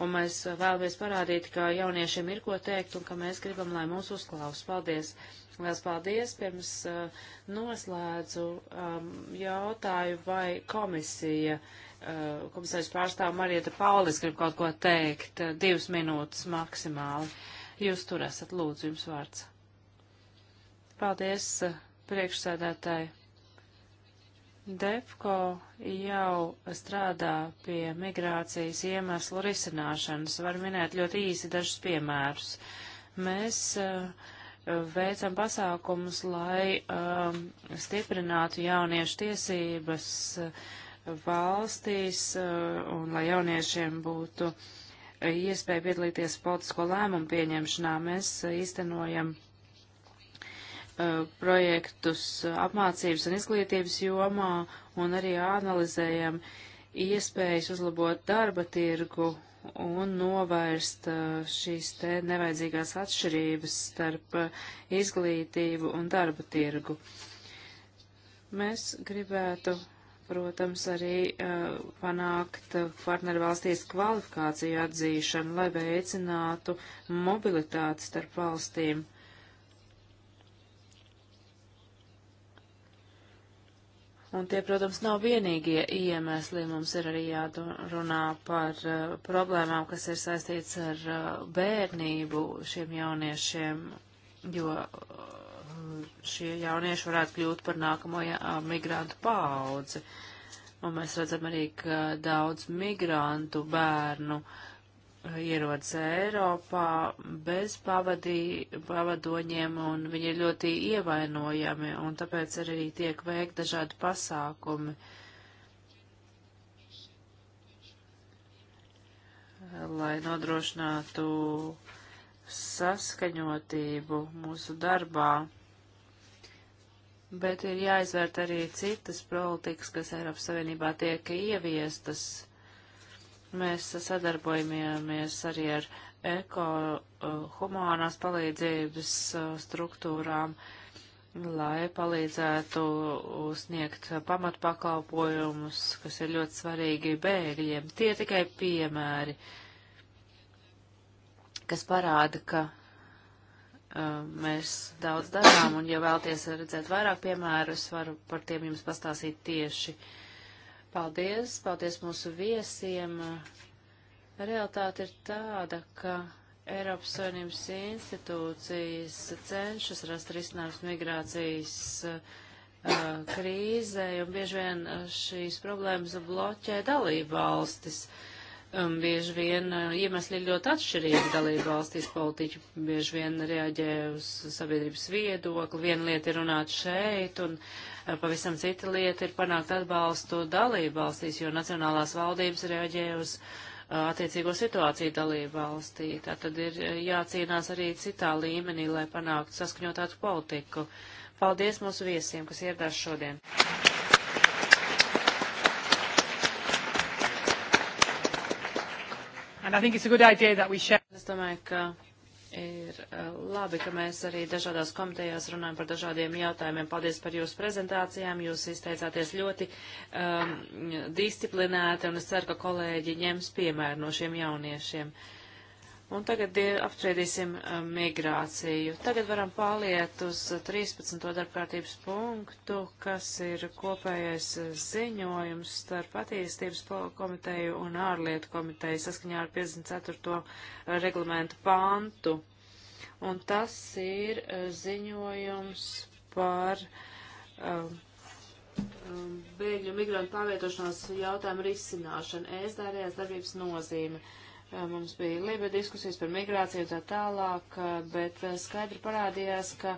un mēs vēlamies parādīt, ka jauniešiem ir ko teikt un ka mēs gribam, lai mūs uzklaus. Paldies! Liels paldies! Pirms uh, noslēdzu um, jautāju, vai komisija uh, Eh, komisārs pārstāv Marieta Paulis grib kaut ko teikt, eh, divas minūtes maksimāli. Jūs tur esat, lūdzu, jums vārds. Paldies, eh, priekšsēdētāji. DEFCO jau strādā pie migrācijas iemeslu risināšanas. Var minēt ļoti īsi dažus piemērus. Mēs uh, veicam pasākumus, lai uh, stiprinātu jauniešu tiesības. Uh, valstīs eh, un lai jauniešiem būtu eh, iespēja piedalīties politisko lēmumu pieņemšanā, mēs eh, īstenojam projektus apmācības un izglītības jomā un arī analizējam iespējas uzlabot darba tirgu un novērst šīs te nevajadzīgās atšķirības starp izglītību un darba tirgu. Mēs gribētu protams, arī uh, panākt partneru valstīs kvalifikāciju atzīšanu, lai veicinātu mobilitāti starp valstīm. Un tie, protams, nav vienīgie iemesli. Mums ir arī jārunā par uh, problēmām, kas ir saistīts ar uh, bērnību šiem jauniešiem, jo uh, šie jaunieši varētu kļūt par nākamo migrantu paudzi. Un mēs redzam arī, ka daudz migrantu bērnu ierodas Eiropā bez pavadī, pavadoņiem, un viņi ir ļoti ievainojami, un tāpēc arī tiek veikt dažādi pasākumi. lai nodrošinātu saskaņotību mūsu darbā bet ir jāizvērt arī citas politikas, kas Eiropas Savienībā tiek ieviestas. Mēs sadarbojamies arī ar eko uh, humānās palīdzības uh, struktūrām, lai palīdzētu sniegt pamatpakalpojumus, kas ir ļoti svarīgi bēgļiem. Tie tikai piemēri, kas parāda, ka Uh, mēs daudz darām, un ja vēlties redzēt vairāk piemēru, es varu par tiem jums pastāstīt tieši. Paldies, paldies mūsu viesiem. Realtāte ir tāda, ka Eiropas Savienības institūcijas cenšas rast risinājums migrācijas uh, krīzē, un bieži vien uh, šīs problēmas bloķē dalību valstis. Uh, um, bieži vien uh, iemesli ir ļoti atšķirīgi dalību valstīs politiķi, bieži vien reaģē uz sabiedrības viedokli, viena lieta ir runāt šeit, un uh, pavisam cita lieta ir panākt atbalstu dalību valstīs, jo nacionālās valdības reaģē uz uh, attiecīgo situāciju dalību valstī. Tā tad ir uh, jācīnās arī citā līmenī, lai panāktu saskaņotātu politiku. Paldies mūsu viesiem, kas ieradās šodien. Es domāju, ka ir eh, labi, ka mēs arī dažādās komitejās runājam par dažādiem jautājumiem. Paldies par jūsu prezentācijām. Jūs izteicāties ļoti um, disciplinēti, un es ceru, ka kolēģi ņems piemēru no šiem jauniešiem. Uh, Un tagad apspriedīsim eh, migrāciju. Tagad varam pāriet uz 13. Eh, darbkārtības punktu, kas ir kopējais eh, ziņojums starp attīstības komiteju un ārlietu komiteju saskaņā ar 54. reglamentu pantu. Un tas ir ziņojums par um, bēgļu migrantu pārvietošanās jautājumu risināšanu, ēstārējās darbības nozīme. Uh, Eh, mums bija liba diskusijas par migrāciju un tā tālāk, eh, bet eh, skaidri parādījās, ka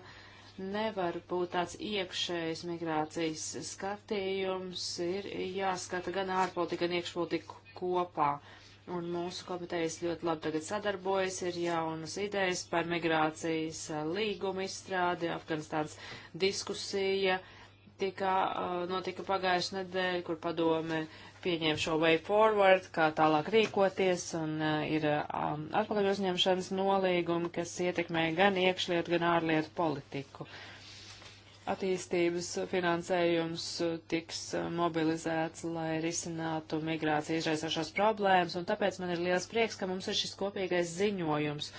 nevar būt tāds iekšējs migrācijas skatījums, ir jāskata gan ārpolitika, gan iekšpolitika kopā. Un mūsu komitejas ļoti labi tagad sadarbojas, ir jaunas idejas par migrācijas līgumu izstrādi, Afganistāns diskusija tika, notika pagājušajā nedēļā, kur padome uh, pieņēma šo way forward, kā tālāk rīkoties, un uh, ir um, atpakaļ uzņemšanas nolīgumi, kas ietekmē gan iekšlietu, gan ārlietu politiku. Attīstības finansējums uh, tiks uh, mobilizēts, lai risinātu migrācijas izraisošās problēmas, un tāpēc man ir liels prieks, ka mums ir šis kopīgais ziņojums.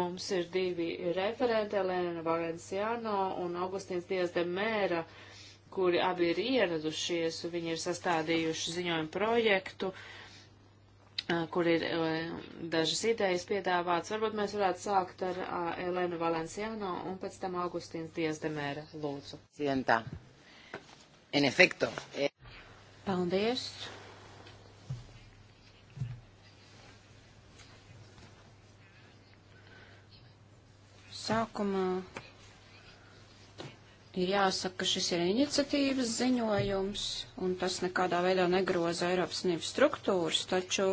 Mums ir divi referenti, Elena Valenciano un Augustīns Dias de Mēra. Uh, kuri abi ir ieradušies, un viņi ir sastādījuši ziņojumu projektu, kur ir dažas idejas piedāvāts. Varbūt mēs varētu sākt ar Elenu Valenciano un pēc tam Augustīns Diezdemēra lūdzu. Sientā. En efecto. Eh, Paldies. Sākumā ir jāsaka, ka šis ir iniciatīvas ziņojums, un tas nekādā veidā negroza Eiropas Savienības struktūras, taču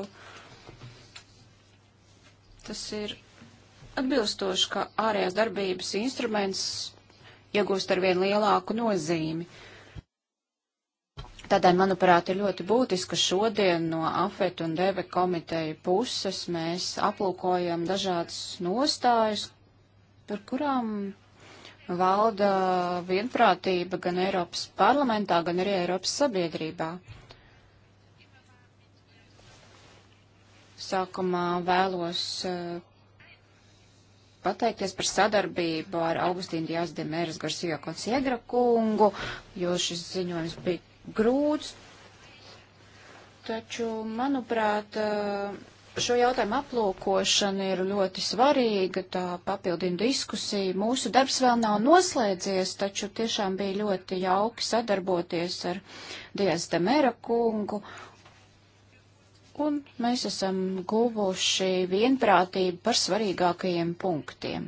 tas ir atbilstoši, ka ārējās darbības instruments iegūst ar vien lielāku nozīmi. Tādēļ, manuprāt, ir ļoti būtiski, ka šodien no AFET un DEVE komiteja puses mēs aplūkojam dažādas nostājas, par kurām valda vienprātība gan Eiropas parlamentā, gan arī Eiropas sabiedrībā. Sākumā vēlos eh, pateikties par sadarbību ar Augustīnu Dijas Demēras Garsijo Konsiegra kungu, jo šis ziņojums bija grūts, taču, manuprāt, uh, šo jautājumu aplūkošana ir ļoti svarīga, tā papildina diskusiju. Mūsu darbs vēl nav noslēdzies, taču tiešām bija ļoti jauki sadarboties ar Dias de Mera kungu. Un mēs esam guvuši vienprātību par svarīgākajiem punktiem.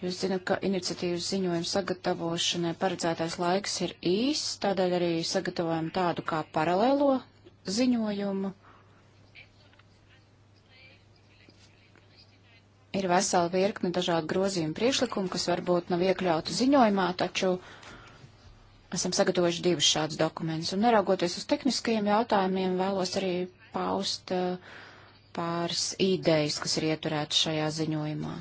Jūs zināt, ka iniciatīvas ziņojuma sagatavošanai paredzētais laiks ir īs, tādēļ arī sagatavojam tādu kā paralēlo ziņojumu. Ir vesela virkne dažādu grozījumu priekšlikumu, kas varbūt nav iekļautu ziņojumā, taču esam sagatavojuši divus šādus dokumentus. Un neraugoties uz tehniskajiem jautājumiem, vēlos arī paust eh, pāris idejas, kas ir ieturētas šajā ziņojumā.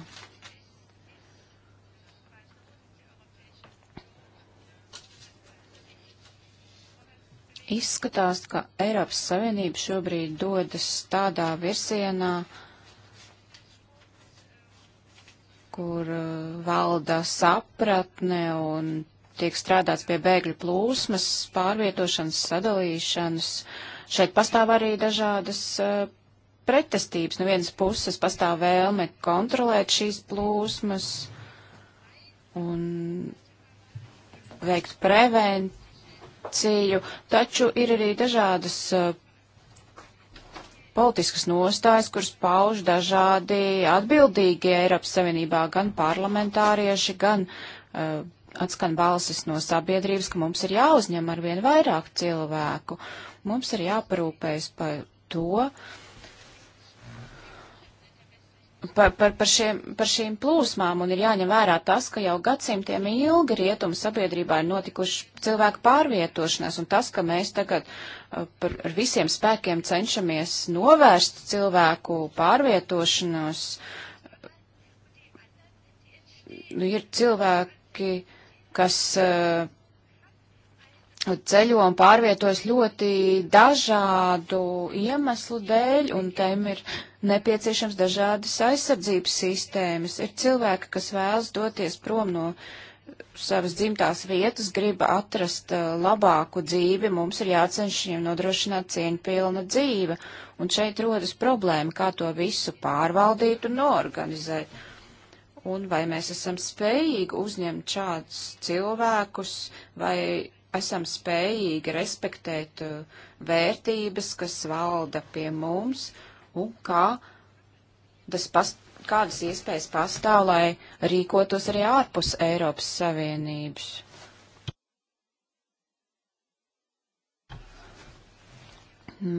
Izskatās, ka Eiropas Savienība šobrīd dodas tādā virzienā, kur uh, valda sapratne un tiek strādāts pie bēgļu plūsmas, pārvietošanas, sadalīšanas. Šeit pastāv arī dažādas uh, pretestības. No nu, vienas puses pastāv vēlme kontrolēt šīs plūsmas un veikt prevenciju ceļu, taču ir arī dažādas eh, politiskas nostājas, kuras pauž dažādi atbildīgie Eiropas Savienībā, gan parlamentārieši, gan uh, atskan balsis no sabiedrības, ka mums ir jāuzņem ar vien vairāk cilvēku. Mums ir jāparūpējas par to, uh, par, par, par, šiem, par šīm plūsmām, un ir jāņem vērā tas, ka jau gadsimtiem ilgi rietumu sabiedrībā ir notikuši cilvēku pārvietošanās, un tas, ka mēs tagad uh, par, ar visiem spēkiem cenšamies novērst cilvēku pārvietošanos, nu, ir cilvēki, kas uh, ceļo un pārvietojas ļoti dažādu iemeslu dēļ, un tiem ir nepieciešams dažādas aizsardzības sistēmas. Ir cilvēki, kas vēlas doties prom no savas dzimtās vietas, grib atrast uh, labāku dzīvi, mums ir jācenš viņiem nodrošināt cieņu pilna dzīve. Un šeit rodas problēma, kā to visu pārvaldīt un organizēt un vai mēs esam spējīgi uzņemt šādus cilvēkus, vai esam spējīgi respektēt uh, vērtības, kas valda pie mums, un kā tas past, kādas iespējas pastāv, lai rīkotos arī ārpus Eiropas Savienības.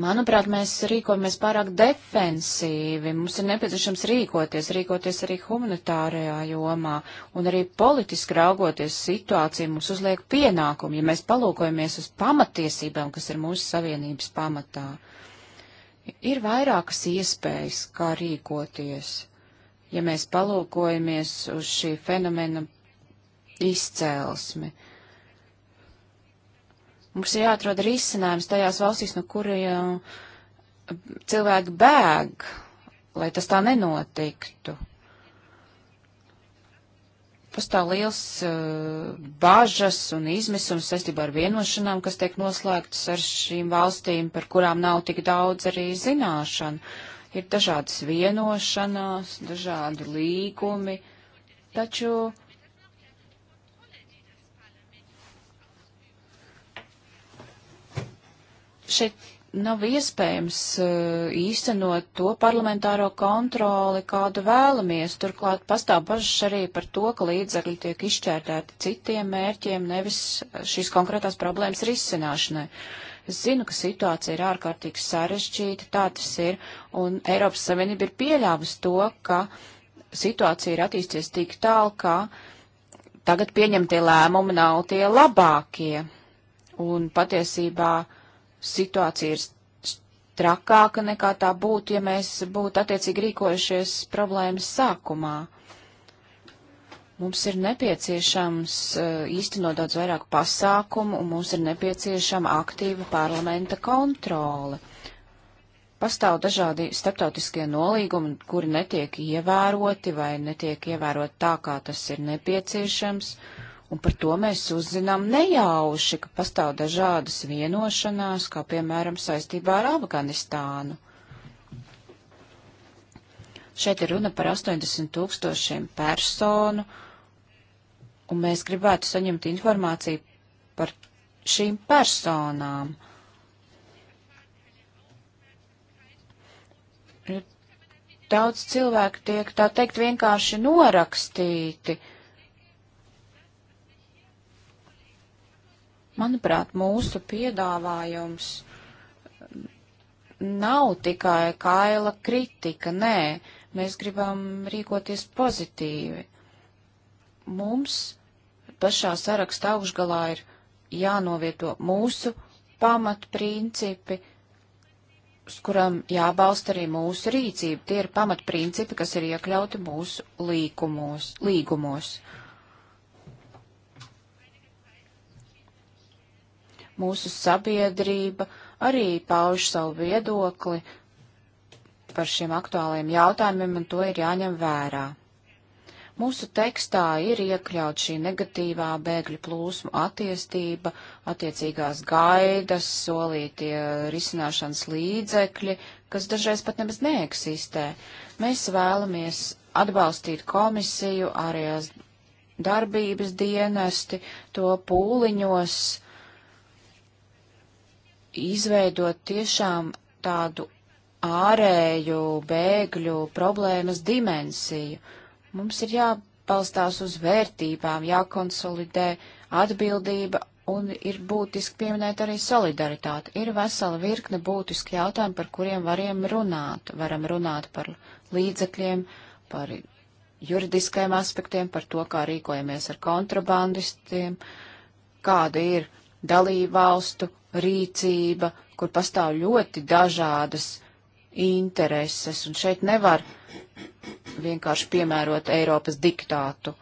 Manuprāt, mēs rīkojamies pārāk defensīvi. Mums ir nepieciešams rīkoties, rīkoties arī humanitārajā jomā, un arī politiski raugoties situācija mums uzliek pienākumu, ja mēs palūkojamies uz pamatiesībām, kas ir mūsu savienības pamatā. Uh, Ir vairākas iespējas, kā rīkoties, ja mēs palūkojamies uz šī fenomena izcēlesmi. Mums ir jāatrod risinājums tajās valstīs, no kuriem cilvēki bēg, lai tas tā nenotiktu pastāv liels uh, bažas un izmisums saistībā ar vienošanām, kas tiek noslēgtas ar šīm valstīm, par kurām nav tik daudz arī zināšanu. Ir dažādas vienošanās, dažādi līgumi, taču šeit nav iespējams eh, īstenot to parlamentāro kontroli, kādu vēlamies. Turklāt pastāv bažas arī par to, ka līdzekļi tiek izšķērtēti citiem mērķiem, nevis šīs konkrētās problēmas risināšanai. Es zinu, ka situācija ir ārkārtīgi sarežģīta, tā tas ir, un Eiropas Savienība ir pieļāvusi to, ka situācija ir attīstījies tik tālu, ka tagad pieņemtie lēmumi nav tie labākie. Un patiesībā situācija ir trakāka nekā tā būtu, ja mēs būtu attiecīgi rīkojušies problēmas sākumā. Mums ir nepieciešams eh, īstenot daudz vairāk pasākumu, un mums ir nepieciešama aktīva parlamenta kontrole. Pastāv dažādi starptautiskie nolīgumi, kuri netiek ievēroti vai netiek ievērot tā, kā tas ir nepieciešams. Uh, Un par to mēs uzzinām nejauši, ka pastāv dažādas vienošanās, kā piemēram saistībā ar Afganistānu. Šeit ir runa par 80 tūkstošiem personu, un mēs gribētu saņemt informāciju par šīm personām. Daudz cilvēku tiek, tā teikt, vienkārši norakstīti. Uh, Manuprāt, mūsu piedāvājums nav tikai kaila kritika, nē, mēs gribam rīkoties pozitīvi. Mums pašā saraksta augšgalā ir jānovieto mūsu pamatprincipi, uz kuram jābalsta arī mūsu rīcība. Tie ir pamatprincipi, kas ir iekļauti mūsu līkumos, līgumos. līgumos. mūsu sabiedrība arī pauž savu viedokli par šiem aktuāliem jautājumiem, un to ir jāņem vērā. Mūsu tekstā ir iekļaut šī negatīvā bēgļu plūsmu attiestība, attiecīgās gaidas, solītie risināšanas līdzekļi, kas dažreiz pat nemaz neeksistē. Mēs vēlamies atbalstīt komisiju, ārējās darbības dienesti, to pūliņos izveidot tiešām tādu ārēju bēgļu problēmas dimensiju. Mums ir jāpalstās uz vērtībām, jākonsolidē atbildība un ir būtiski pieminēt arī solidaritāti. Ir vesela virkne būtiski jautājumi, par kuriem varam runāt. Varam runāt par līdzekļiem, par juridiskajiem aspektiem, par to, kā rīkojamies ar kontrabandistiem, kāda ir dalību valstu rīcība, kur pastāv ļoti dažādas intereses, un šeit nevar vienkārši piemērot Eiropas diktātu.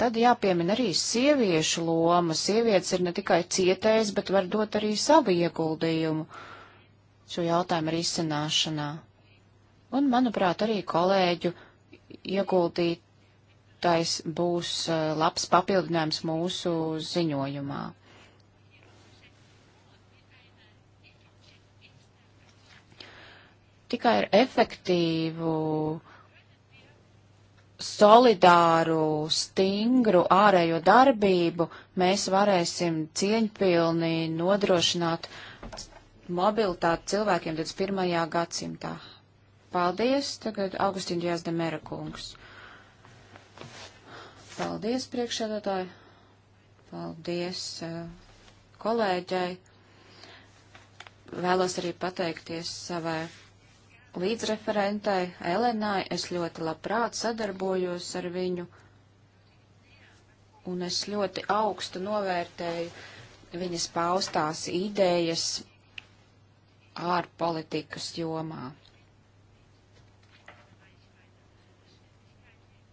Tad jāpiemina arī sieviešu loma. Sievietes ir ne tikai cietējas, bet var dot arī savu ieguldījumu šo jautājumu risināšanā. Un, manuprāt, arī kolēģu ieguldītais būs uh, labs papildinājums mūsu ziņojumā. tikai ar efektīvu, solidāru, stingru ārējo darbību mēs varēsim cieņpilni nodrošināt mobilitāti cilvēkiem 21. gadsimtā. Paldies, tagad Augustīna Dijas de Merakungs. Paldies, priekšsēdētāji. Paldies eh, kolēģai. Vēlos arī pateikties savai līdzreferentai Elenai. Es ļoti labprāt sadarbojos ar viņu, un es ļoti augstu novērtēju viņas paustās idejas ārpolitikas jomā.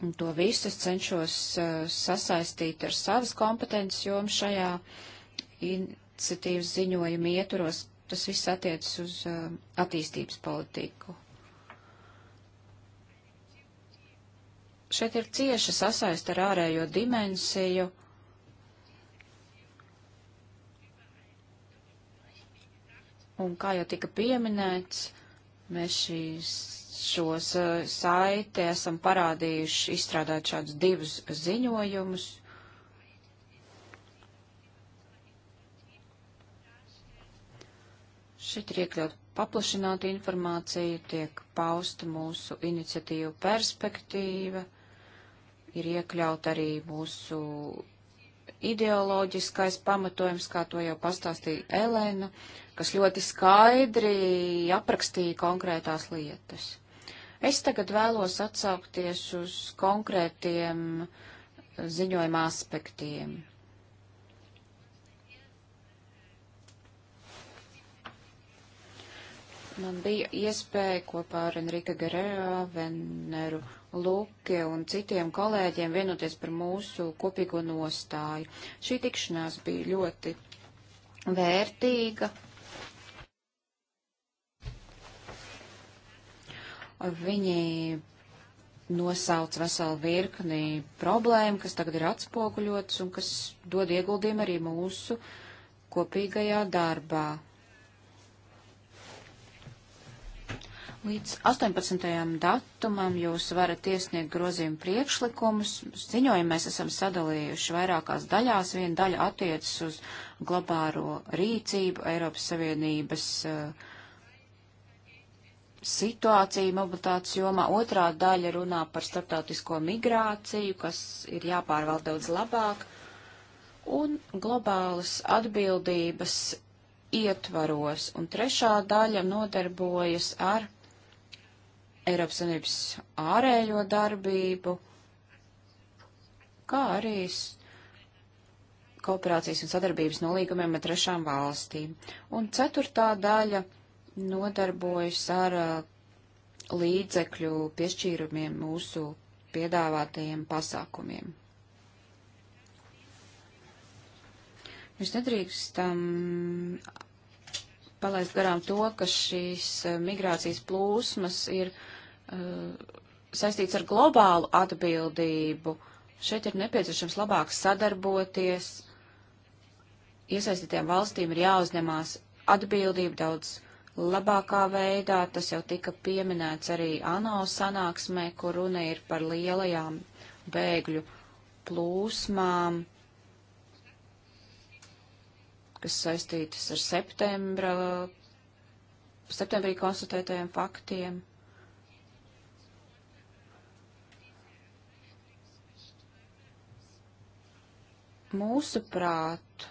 Un to visu es cenšos uh, sasaistīt ar savas kompetences jomu šajā iniciatīvas ziņojuma ietvaros, Tas viss attiecas uz uh, attīstības politiku. Šeit ir cieša sasaista ar ārējo dimensiju. Un kā jau tika pieminēts, mēs šīs, šos uh, saiti esam parādījuši, izstrādāt šādus divus ziņojumus. Šeit ir iekļaut paplašināta informācija, tiek pausta mūsu iniciatīvu perspektīva, ir iekļaut arī mūsu ideoloģiskais pamatojums, kā to jau pastāstīja Elēna, kas ļoti skaidri aprakstīja konkrētās lietas. Es tagad vēlos atsaukties uz konkrētiem ziņojuma aspektiem. Man bija iespēja kopā ar Enrika Guerrero, Veneru Luke un citiem kolēģiem vienoties par mūsu kopīgo nostāju. Šī tikšanās bija ļoti vērtīga. Viņi nosauc veselu virkni problēmu, kas tagad ir atspoguļotas un kas dod ieguldījumu arī mūsu kopīgajā darbā. Līdz 18. datumam jūs varat iesniegt grozījumu priekšlikumus. Ziņojumu mēs esam sadalījuši vairākās daļās. Viena daļa attiecas uz globāro rīcību, Eiropas Savienības uh, situāciju mobilitātes jomā. Otrā daļa runā par starptautisko migrāciju, kas ir jāpārvalda daudz labāk. Un globālas atbildības ietvaros. Un trešā daļa nodarbojas ar Eiropas Savienības ārējo darbību, kā arī kooperācijas un sadarbības nolīgumiem ar trešām valstīm. Un ceturtā daļa nodarbojas ar uh, līdzekļu piešķīrumiem mūsu piedāvātajiem pasākumiem. Mēs nedrīkstam palaist garām to, ka šīs uh, migrācijas plūsmas ir uh, Uh, saistīts ar globālu atbildību. Šeit ir nepieciešams labāk sadarboties. Iesaistītiem valstīm ir jāuzņemās atbildība daudz labākā veidā. Tas jau tika pieminēts arī ANO sanāksmē, kur runa ir par lielajām bēgļu plūsmām, kas saistītas ar septembra, septembrī konstatētajiem faktiem. mūsuprāt,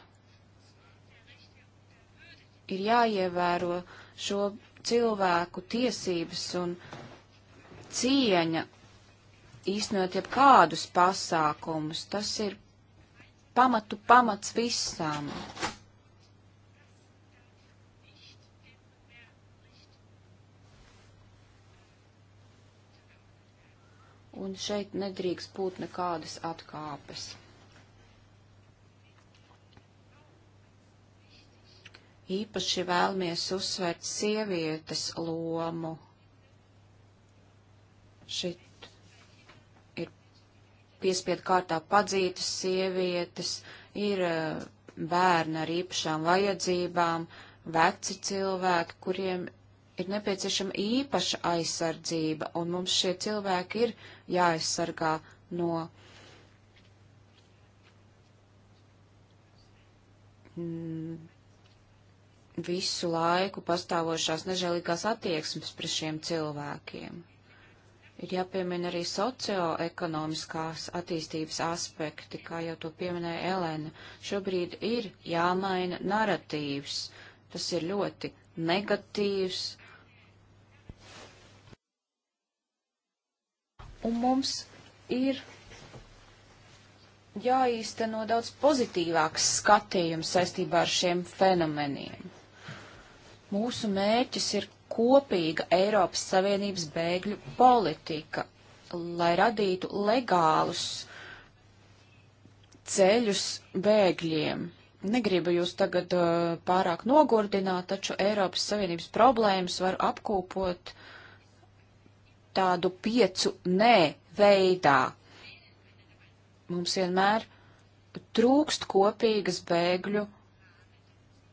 ir jāievēro šo cilvēku tiesības un cieņa īstenot jebkādus pasākumus. Tas ir pamatu pamats visam. Un šeit nedrīkst būt nekādas atkāpes. īpaši vēlamies uzsvērt sievietes lomu. Šit ir piespiedu kārtā padzītas sievietes, ir eh, bērni ar īpašām vajadzībām, veci cilvēki, kuriem ir nepieciešama īpaša aizsardzība, un mums šie cilvēki ir jāaizsargā no mm, visu laiku pastāvošās nežēlīgās attieksmes pret šiem cilvēkiem. Ir jāpiemina arī socioekonomiskās attīstības aspekti, kā jau to pieminēja Elena. Šobrīd ir jāmaina naratīvs. Tas ir ļoti negatīvs. Un mums ir jāīsteno daudz pozitīvāks skatījums saistībā ar šiem fenomeniem. Mūsu mērķis ir kopīga Eiropas Savienības bēgļu politika, lai radītu legālus ceļus bēgļiem. Negribu jūs tagad uh, pārāk nogurdināt, taču Eiropas Savienības problēmas var apkopot tādu piecu nē veidā. Mums vienmēr trūkst kopīgas bēgļu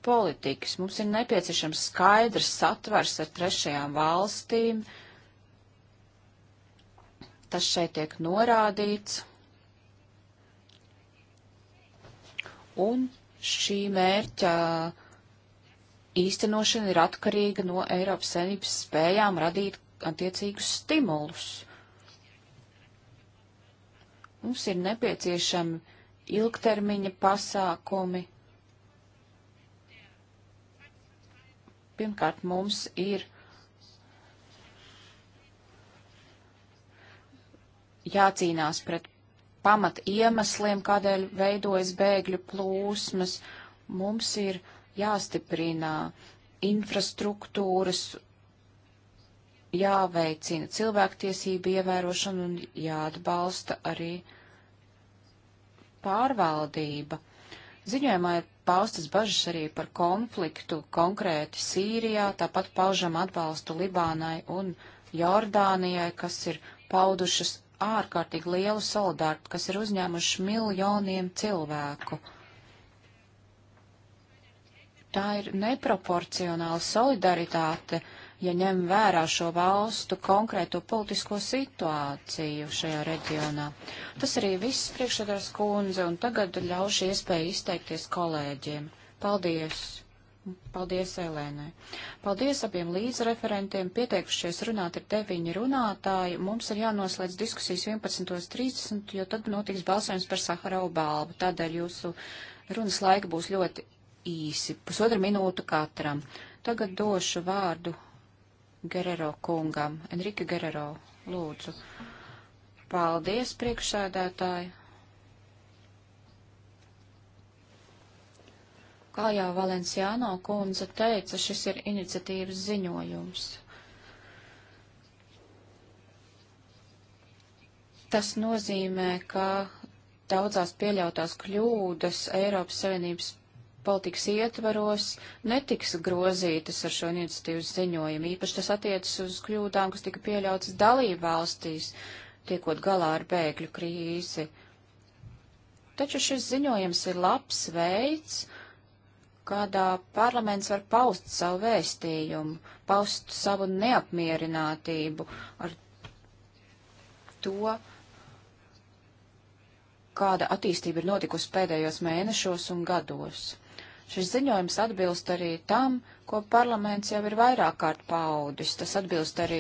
politikas. Mums ir nepieciešams skaidrs satvers ar trešajām valstīm. Tas šeit tiek norādīts. Un šī mērķa īstenošana ir atkarīga no Eiropas Savienības spējām radīt attiecīgus stimulus. Mums ir nepieciešami ilgtermiņa pasākumi, Pirmkārt, mums ir jācīnās pret pamat iemesliem, kādēļ veidojas bēgļu plūsmas. Mums ir jāstiprina infrastruktūras, jāveicina cilvēktiesību ievērošana un jāatbalsta arī pārvaldība. Ziņojumā ir paustas bažas arī par konfliktu konkrēti Sīrijā, tāpat paužam atbalstu Libānai un Jordānijai, kas ir paudušas ārkārtīgi lielu solidārtu, kas ir uzņēmuši miljoniem cilvēku. Tā ir neproporcionāla solidaritāte, uh, ja ņem vērā šo valstu konkrēto politisko situāciju šajā reģionā. Tas arī viss priekšsēdārs kundze, un tagad ļaušu iespēju izteikties kolēģiem. Paldies! Paldies, Elēnai. Paldies abiem līdzreferentiem. Pieteikušies runāt ir deviņi runātāji. Mums ir jānoslēdz diskusijas 11.30, jo tad notiks balsojums par Saharau balvu. Tādēļ jūsu runas laika būs ļoti īsi, pusotra minūte katram. Tagad došu vārdu Gerero kungam. Enrika Gerero, lūdzu. Paldies, priekšsēdētāji. Kā jau Valenciāno kundze teica, šis ir iniciatīvas ziņojums. Tas nozīmē, ka daudzās pieļautās kļūdas Eiropas Savienības politikas ietvaros netiks grozītas ar šo iniciatīvas ziņojumu. Īpaši tas attiecas uz kļūdām, kas tika pieļautas dalību valstīs, tiekot galā ar bēgļu krīzi. Taču šis ziņojums ir labs veids, kādā parlaments var paust savu vēstījumu, paust savu neapmierinātību ar to, kāda attīstība ir notikusi pēdējos mēnešos un gados. Šis ziņojums atbilst arī tam, ko parlaments jau ir vairāk kārt paudis. Tas atbilst arī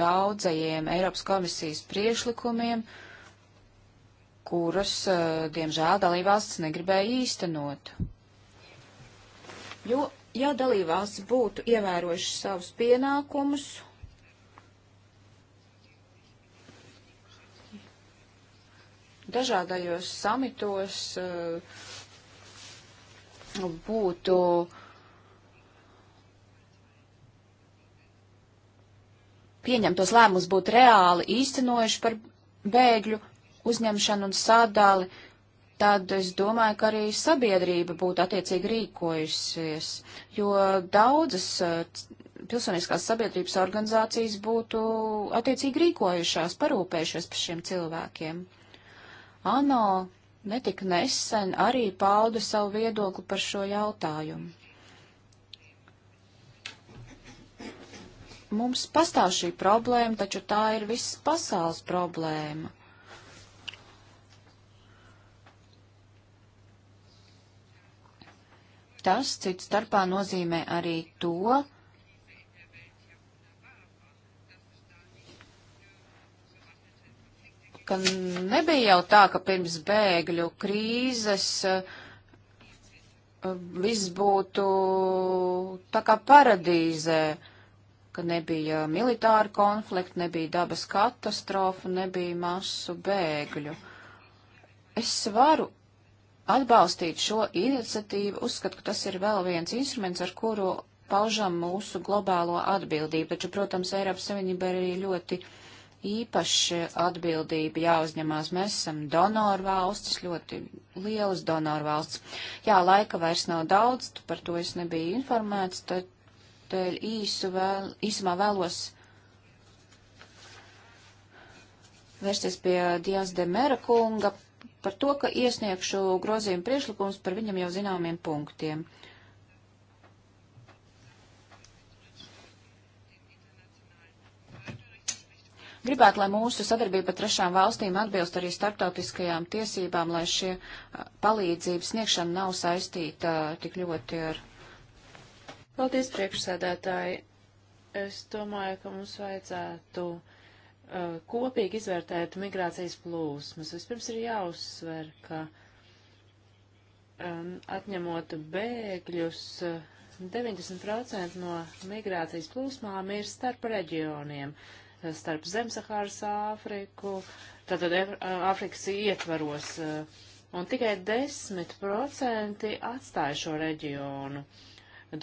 daudzajiem Eiropas komisijas priešlikumiem, kurus, eh, diemžēl, dalībvalsts negribēja īstenot. Jo, ja dalībvalsts būtu ievērojuši savus pienākumus dažādajos samitos uh, būtu pieņemtos lēmumus būtu reāli īstenojuši par bēgļu uzņemšanu un sādāli, tad es domāju, ka arī sabiedrība būtu attiecīgi rīkojusies, jo daudzas eh, pilsoniskās sabiedrības organizācijas būtu attiecīgi rīkojušās, parūpējušies par šiem cilvēkiem. ANO netik nesen arī pauda savu viedokli par šo jautājumu. Mums pastāv šī problēma, taču tā ir visas pasaules problēma. Tas cits starpā nozīmē arī to, ka nebija jau tā, ka pirms bēgļu krīzes eh, viss būtu tā kā paradīzē, ka nebija militāra konflikta, nebija dabas katastrofa, nebija masu bēgļu. Es varu atbalstīt šo iniciatīvu, uzskatu, ka tas ir vēl viens instruments, ar kuru paužam mūsu globālo atbildību, taču, protams, Eiropas Savienība ir arī ļoti īpaši atbildība jāuzņemās. Mēs esam donoru valstis, ļoti lielas donoru valsts. Jā, laika vairs nav daudz, par to es nebiju informēts, tad tādēļ īsu vēl, īsumā vēlos vērsties pie Dijas de Mera kunga par to, ka iesniegšu grozījumu priešlikumus par viņam jau zināmiem punktiem. Uh, Gribētu, lai mūsu sadarbība ar trešām valstīm atbilst arī starptautiskajām tiesībām, lai šie palīdzības sniegšana nav saistīta tik ļoti ar. Paldies, priekšsēdētāji. Es domāju, ka mums vajadzētu uh, kopīgi izvērtēt migrācijas plūsmas. Vispirms ir jāuzsver, ka um, atņemot bēgļus. Uh, 90% no migrācijas plūsmām ir starp reģioniem starp Zemsahāras Āfriku, tātad Āfrikas ietvaros, un tikai 10% atstāja šo reģionu,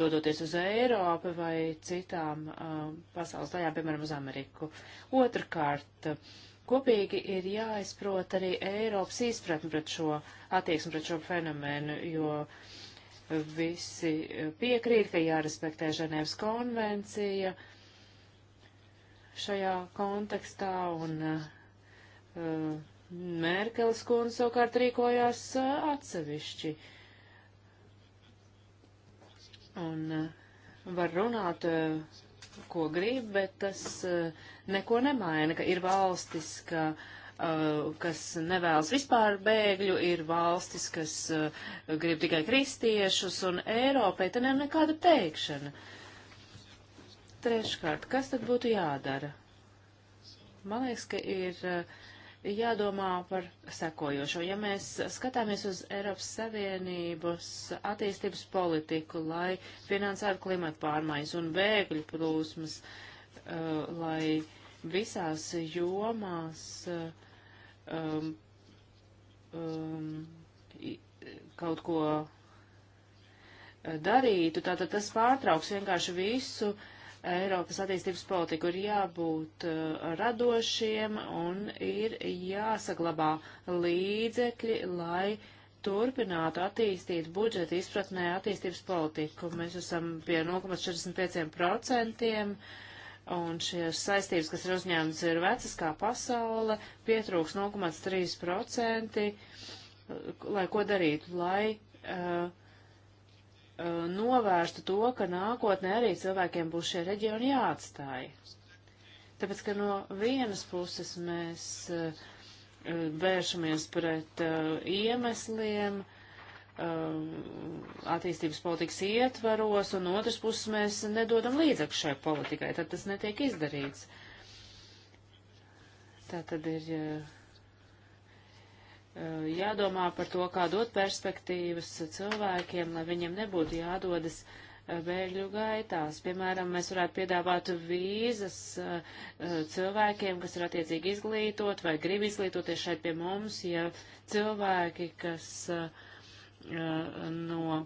dodoties uz Eiropu vai citām pasaules daļām, piemēram, uz Ameriku. Otrakārt, kopīgi ir jāizprot arī Eiropas izpratni pret šo attieksmi pret šo fenomenu, jo visi piekrīt, ka jārespektē Ženēvas konvencija, uh, šajā kontekstā, un uh, Merkeles kundze savukārt rīkojās uh, atsevišķi. Un uh, var runāt, uh, ko grib, bet tas uh, neko nemaina, ka ir valstis, ka uh, Uh, kas nevēlas vispār bēgļu, ir valstis, kas uh, grib tikai kristiešus, un Eiropai te nav nekāda teikšana. Uh, Treškārt, kas tad būtu jādara? Man liekas, ka ir eh, jādomā par sekojošo. Ja mēs skatāmies uz Eiropas Savienības attīstības politiku, lai finansētu klimatu pārmaiņas un bēgļu plūsmas, eh, lai visās jomās eh, um, um, kaut ko darītu, tātad tas pārtrauks vienkārši visu uh, Eiropas attīstības politiku. Ir jābūt uh, radošiem un ir jāsaglabā līdzekļi, lai turpinātu attīstīt budžeta izpratnē attīstības politiku. Mēs esam pie 0,45%. Un šīs saistības, kas ir uzņēmtas, ir vecas kā pasaule, pietrūks 0,3%, lai ko darītu, lai uh, Uh, novērstu to, ka nākotnē arī cilvēkiem būs šie reģioni jāatstāj. Tāpēc, ka no vienas puses mēs uh, uh vēršamies pret uh, iemesliem, uh, attīstības politikas ietvaros, un otras puses mēs nedodam līdzekļu šai politikai, tad tas netiek izdarīts. Tā tad ir uh, Eh, jādomā par to, kā dot perspektīvas cilvēkiem, lai viņiem nebūtu jādodas eh, bēgļu gaitās. Piemēram, mēs varētu piedāvāt vīzas eh, cilvēkiem, kas ir attiecīgi izglītot vai grib izglītoties šeit pie mums, ja cilvēki, kas no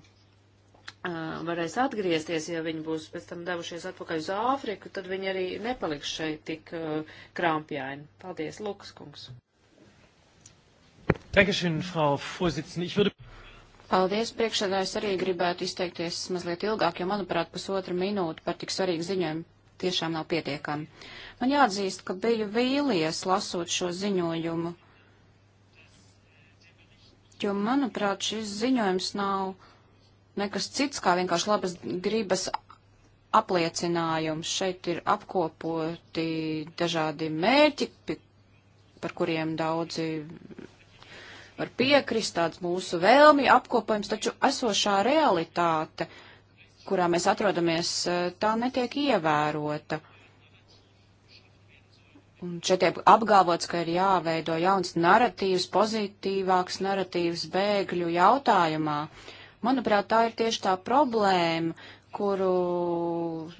varēs atgriezties, ja viņi būs pēc tam devušies atpakaļ uz Āfriku, tad viņi arī nepaliks šeit tik krampjaini. Paldies, Lukas kungs! Dankeschön, Frau Vorsitzende. Ich würde... Paldies, priekšsēdājs arī gribētu izteikties mazliet ilgāk, jo, manuprāt, pusotra minūte par tik svarīgu ziņojumu tiešām nav pietiekami. Man jāatzīst, ka biju vīlies lasot šo ziņojumu, jo, manuprāt, šis ziņojums nav nekas cits kā vienkārši labas gribas apliecinājums. Šeit ir apkopoti dažādi mērķi, par kuriem daudzi var piekrist tāds mūsu vēlmi apkopojums, taču esošā realitāte, kurā mēs atrodamies, e, tā netiek ievērota. Un šeit tiek apgalvots, ka ir jāveido jauns narratīvs, pozitīvāks narratīvs bēgļu jautājumā. Manuprāt, tā ir tieši tā problēma, kuru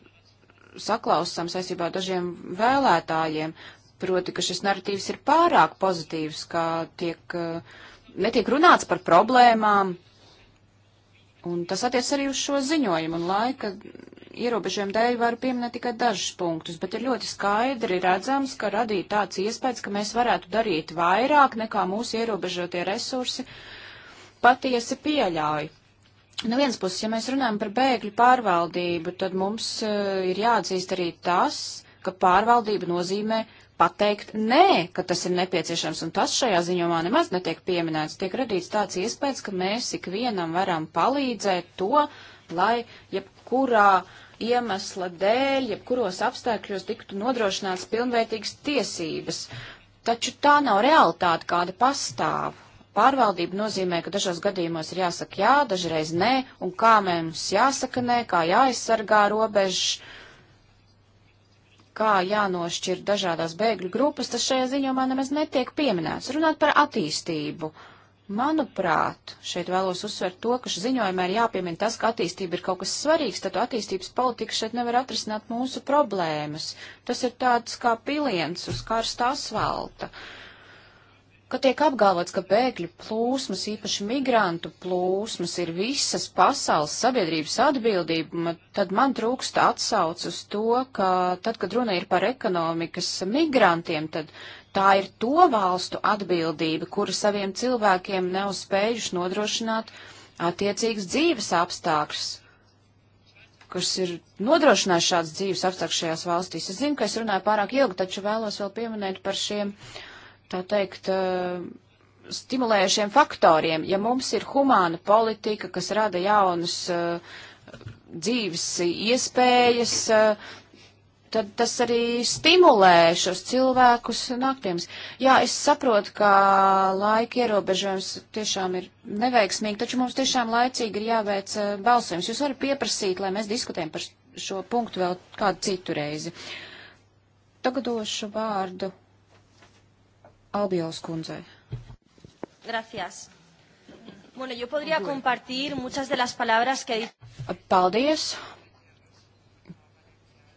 saklausām saistībā ar dažiem vēlētājiem. Proti, ka šis narratīvs ir pārāk pozitīvs, kā tiek uh, netiek runāts par problēmām, un tas attiec arī uz šo ziņojumu, un laika ierobežojumu dēļ varu pieminēt tikai dažus punktus, bet ir ļoti skaidri redzams, ka radīja tāds iespējas, ka mēs varētu darīt vairāk nekā mūsu ierobežotie resursi patiesi pieļauj. No nu, vienas puses, ja mēs runājam par bēgļu pārvaldību, tad mums uh, ir jāatzīst arī tas, ka pārvaldība nozīmē uh, pateikt nē, ka tas ir nepieciešams, un tas šajā ziņomā nemaz netiek pieminēts. Tiek radīts tāds iespējas, ka mēs ikvienam varam palīdzēt to, lai jebkurā iemesla dēļ, jebkuros apstākļos tiktu nodrošināts pilnvērtīgas tiesības. Taču tā nav realitāte, kāda pastāv. Pārvaldība nozīmē, ka dažos gadījumos ir jāsaka jā, dažreiz nē, un kā mums jāsaka nē, kā jāaizsargā robežas kā jānošķir dažādās bēgļu grupas, tas šajā ziņojumā nemaz netiek pieminēts. Runāt par attīstību. Manuprāt, šeit vēlos uzsvert to, ka ziņojumā ir jāpiemina tas, ka attīstība ir kaut kas svarīgs, tad attīstības politika šeit nevar atrisināt mūsu problēmas. Tas ir tāds kā piliens uz karsta asfalta. Uh, ka tiek apgalvots, ka bēgļu plūsmas, īpaši migrantu plūsmas, ir visas pasaules sabiedrības atbildība, tad man trūkst atsauc uz to, ka tad, kad runa ir par ekonomikas migrantiem, tad tā ir to valstu atbildība, kuri saviem cilvēkiem nav spējuši nodrošināt attiecīgas dzīves apstākļus kas ir nodrošinājis šāds dzīves apstākļus šajās valstīs. Es zinu, ka es runāju pārāk ilgi, taču vēlos vēl pieminēt par šiem uh, tā teikt, eh, stimulējušiem faktoriem. Ja mums ir humāna politika, kas rada jaunas eh, dzīves iespējas, eh, tad tas arī stimulē šos cilvēkus naktīms. Jā, es saprotu, ka laika ierobežojums tiešām ir neveiksmīgi, taču mums tiešām laicīgi ir jāveic balsojums. Jūs varat pieprasīt, lai mēs diskutējam par šo punktu vēl kādu citu reizi. Tagad došu vārdu Albijos kundzei. Gracias. Bueno, yo podría compartir muchas de las palabras que... Paldies.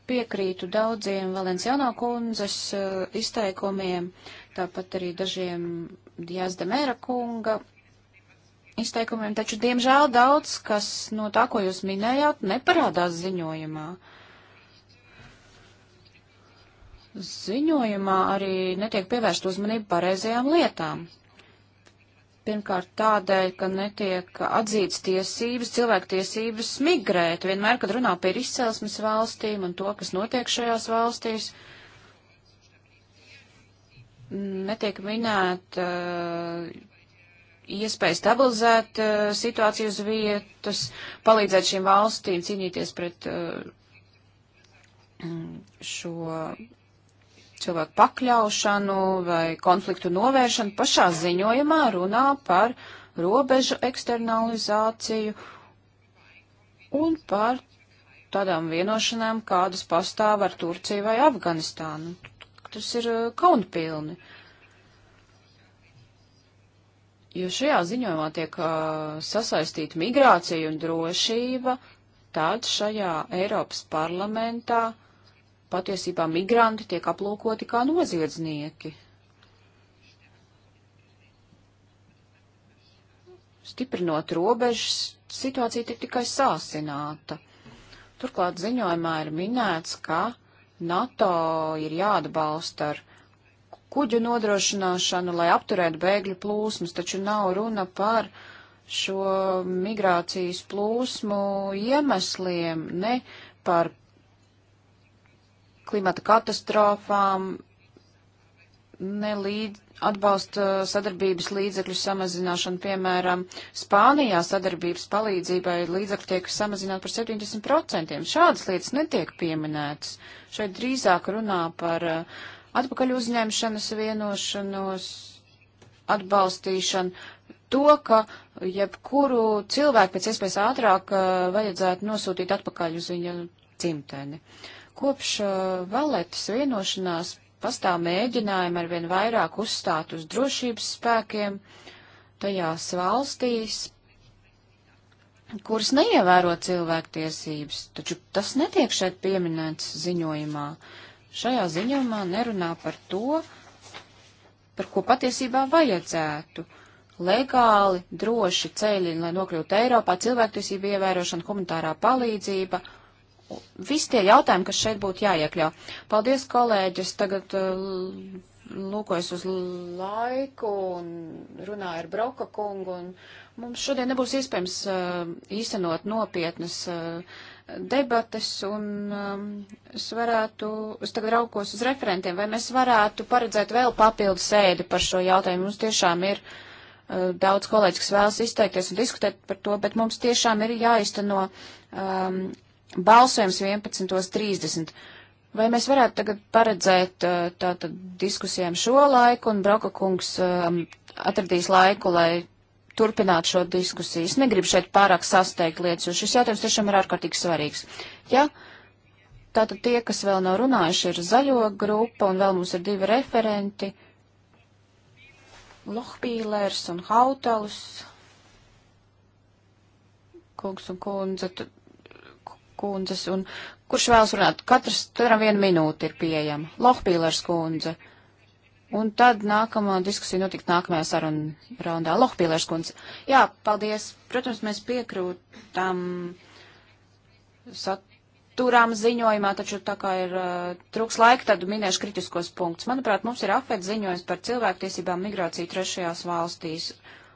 Piekrītu daudziem Valenciano kundzes uh, izteikumiem, tāpat arī dažiem Diazda Mēra kunga izteikumiem, taču, diemžēl, daudz, kas no tā, ko jūs minējāt, neparādās ziņojumā. Uh, ziņojumā arī netiek pievērst uzmanību pareizajām lietām. Pirmkārt tādēļ, ka netiek atzīts tiesības, cilvēktiesības migrēt, vienmēr, kad runā par izcelsmes valstīm un to, kas notiek šajās valstīs, netiek minēt uh, iespēja stabilizēt uh, situāciju uz vietas, palīdzēt šīm valstīm cīnīties pret uh, šo cilvēku pakļaušanu vai konfliktu novēršanu, pašā ziņojumā runā par robežu eksternalizāciju un par tādām vienošanām, kādas pastāv ar Turciju vai Afganistānu. Tas ir uh, kaunpilni. Jo šajā ziņojumā tiek uh, sasaistīta migrācija un drošība, tad šajā Eiropas parlamentā uh, patiesībā migranti tiek aplūkoti kā noziedznieki. Stiprinot robežas, situācija tiek tikai sāsināta. Turklāt ziņojumā ir minēts, ka NATO ir jāatbalsta ar kuģu nodrošināšanu, lai apturētu bēgļu plūsmas, taču nav runa par šo migrācijas plūsmu iemesliem, ne par klimata katastrofām, nelīdz atbalsta sadarbības līdzekļu samazināšanu. Piemēram, Spānijā sadarbības palīdzībai līdzekļi tiek samazināti par 70%. Šādas lietas netiek pieminētas. Šeit drīzāk runā par uh, atpakaļ uzņemšanas vienošanos, atbalstīšanu, to, ka jebkuru cilvēku pēc iespējas ātrāk uh, vajadzētu nosūtīt atpakaļ uz viņa dzimteni. Uh, Kopš valetas vienošanās pastāv mēģinājumi arvien vairāk uzstāt uz drošības spēkiem tajās valstīs, kuras neievēro cilvēktiesības, taču tas netiek šeit pieminēts ziņojumā. Šajā ziņojumā nerunā par to, par ko patiesībā vajadzētu. Legāli, droši ceļi, lai nokļūtu Eiropā, cilvēktiesība ievērošana, humanitārā palīdzība visi tie jautājumi, kas šeit būtu jāiekļau. Paldies, kolēģis, tagad uh, lūkojas uz laiku un runāja ar Broka kungu, un mums šodien nebūs iespējams uh, īstenot nopietnas uh, debates, un um, es varētu, es tagad raukos uz referentiem, vai mēs varētu paredzēt vēl papildu sēdi par šo jautājumu. Mums tiešām ir daudz kolēģis, kas vēlas izteikties un diskutēt par to, bet mums tiešām ir jāizteno um, Balsojums 11.30. Vai mēs varētu tagad paredzēt eh, tātad diskusijām šo laiku, un Broka kungs ehm, atradīs laiku, lai turpinātu šo diskusiju? Es negribu šeit pārāk sasteigt lietas, jo šis jautājums tiešām ir ārkārtīgi svarīgs. Ja? Tātad tie, kas vēl nav runājuši, ir zaļo grupa, un vēl mums ir divi referenti - Lohpīlērs un Hautalus. Kungs un kundze, kundzes, un kurš vēlas runāt? Katrs, katram viena minūte ir pieejama. Lohpīlers kundze. Un tad nākamā diskusija notika nākamajā saruna raundā. Lohpīlers kundze. Jā, paldies. Protams, mēs piekrūtam saturām ziņojumā, taču tā kā ir uh, trūks laika, tad minēšu kritiskos punktus. Manuprāt, mums ir afet ziņojums par cilvēktiesībām migrāciju trešajās valstīs.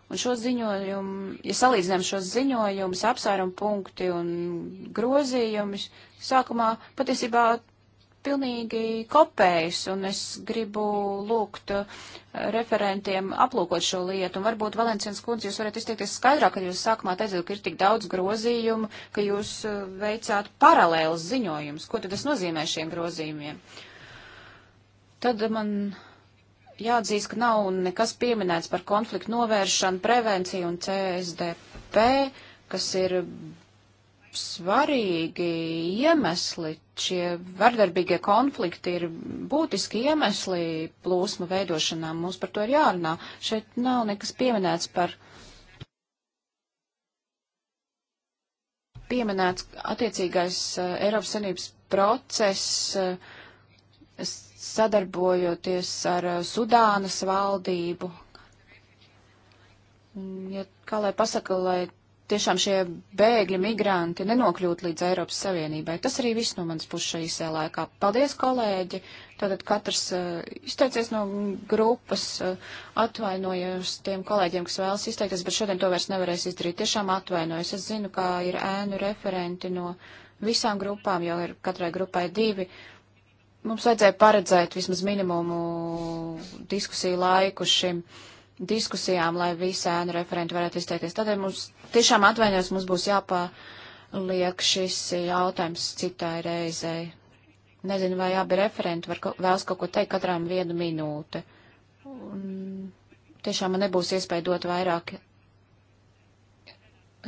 Un šo ziņojumu, ja salīdzinām šos ziņojumus, apsvērumu punkti un grozījumus, sākumā patiesībā pilnīgi kopējas, un es gribu lūgt uh, referentiem aplūkot šo lietu. Un varbūt, Valenciens kundze, jūs varat izteikties skaidrāk, kad jūs sākumā teicāt, ka ir tik daudz grozījumu, ka jūs uh, veicāt paralēlus ziņojumus. Ko tad tas nozīmē šiem grozījumiem? Tad man jāatzīst, ka nav nekas pieminēts par konfliktu novēršanu, prevenciju un CSDP, kas ir svarīgi iemesli, šie vardarbīgie konflikti ir būtiski iemesli plūsma veidošanā. Mums par to ir jārunā. Šeit nav nekas pieminēts par. Pieminēts attiecīgais uh, Eiropas Savienības process, uh, sadarbojoties ar eh, Sudānas valdību. Ja, kā lai pasaka, lai tiešām šie bēgļi, migranti nenokļūt līdz Eiropas Savienībai. Tas arī viss no manas puses šajā īsajā laikā. Paldies, kolēģi! Tātad katrs uh, izteicies no grupas, uh, atvainojos tiem kolēģiem, kas vēlas izteikties, bet šodien to vairs nevarēs izdarīt. Tiešām atvainojos. Es zinu, kā ir ēnu referenti no visām grupām, jo ir katrai grupai divi. Uh, Mums vajadzēja paredzēt vismaz minimumu diskusiju laiku šim diskusijām, lai visi ēnu referenti varētu izteikties. Tādēļ mums tiešām atvainojos, mums būs jāpaliek šis jautājums citai reizei. Nezinu, vai abi referenti var, vēlas kaut ko teikt, katram vienu minūte. Un tiešām man nebūs iespēja dot vairāk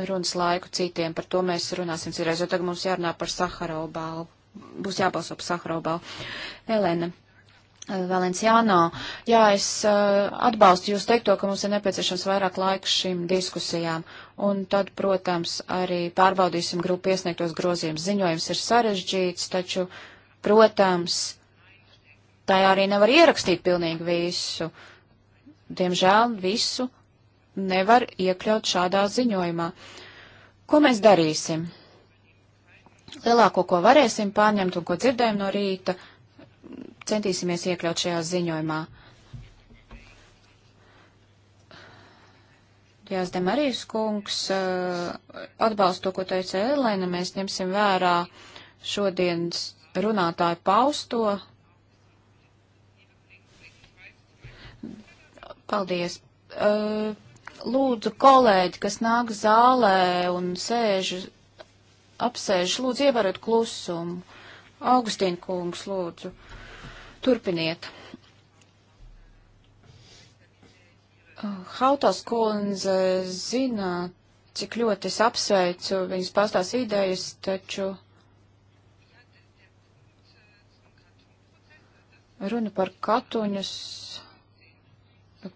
runas laiku citiem, par to mēs runāsim citreiz, jo tagad mums jārunā par Saharau balvu būs jābalso par Sahraubā. Elena. Eh, Valenciāno. Jā, es uh, atbalstu jūs teikto, ka mums ir nepieciešams vairāk laika šīm diskusijām. Un tad, protams, arī pārbaudīsim grupu iesniegtos grozījumus. Ziņojums ir sarežģīts, taču, protams, tajā arī nevar ierakstīt pilnīgi visu. Diemžēl visu nevar iekļaut šādā ziņojumā. Ko mēs darīsim? lielāko, ko varēsim pārņemt un ko dzirdējam no rīta, centīsimies iekļaut šajā ziņojumā. Jās Demarijas kungs eh, atbalsta to, ko teica Elena, mēs ņemsim vērā šodienas runātāju pausto. Paldies. Eh, lūdzu, kolēģi, kas nāk zālē un sēž apsēž, lūdzu, ievērot klusumu. Augustīna kungs, lūdzu, turpiniet. Hautas kundze zina, cik ļoti es apsveicu viņas pastās idejas, taču runa par katuņus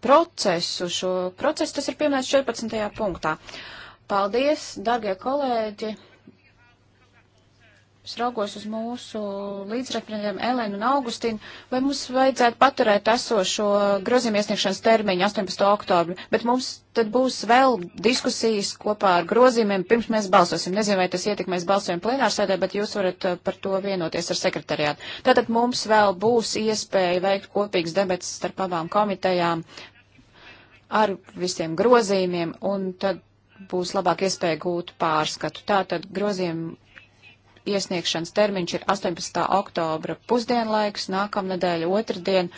procesu, šo procesu, tas ir pieminēts 14. punktā. Paldies, dargie kolēģi! es raugos uz mūsu līdzreferentiem Elēnu un Augustīnu, vai mums vajadzētu paturēt esošo grozījumu iesniegšanas termiņu 18. oktobri, bet mums tad būs vēl diskusijas kopā ar grozījumiem, pirms mēs balsosim. Nezinu, vai tas ietekmēs balsojumu plenārsēdē, bet jūs varat uh, par to vienoties ar sekretariātu. Tātad mums vēl būs iespēja veikt kopīgas debetas starp abām komitejām ar visiem grozījumiem, un tad būs labāk iespēja gūt pārskatu. Tātad grozījumu iesniegšanas termiņš ir 18. oktobra pusdienlaiks, nākamnedēļa otrdien,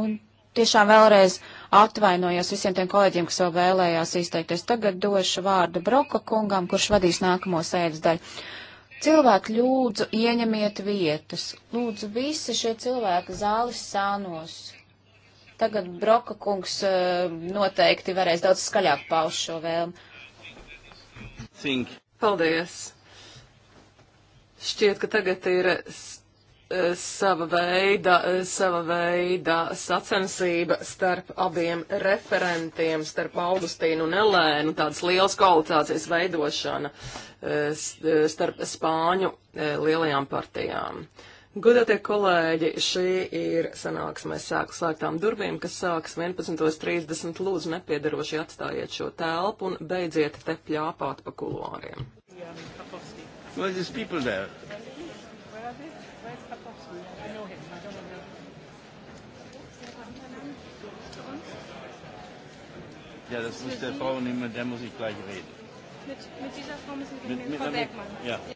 un tiešām vēlreiz atvainojos visiem tiem kolēģiem, kas vēl vēlējās izteikties. Tagad došu vārdu Broka kungam, kurš vadīs nākamo sēdes daļu. Cilvēki, lūdzu, ieņemiet vietas. Lūdzu, visi šie cilvēki zāles sānos. Tagad Broka kungs eh, noteikti varēs daudz skaļāk paust šo vēlmu. Paldies! Šķiet, ka tagad ir eh, sava veida, eh, sava veida sacensība starp abiem referentiem, starp Augustīnu un Elēnu, tādas liels koalīcijas veidošana eh, starp Spāņu lielajām partijām. Godātie kolēģi, šī ir sanāksme sāku slēgtām durvīm, kas sāks 11.30. Lūdzu, nepiedarošie atstājiet šo telpu un beidziet te pļāpāt pa kuloriem. Jā, Well, there's people there. Where are they? Where's Papovsky? I know him. I don't know him. Ja, das muss der Frau nehmen, mit der muss ich gleich reden. Mit, mit dieser Frau müssen Sie mit, reden, mit, Frau Bergmann. Ja. ja.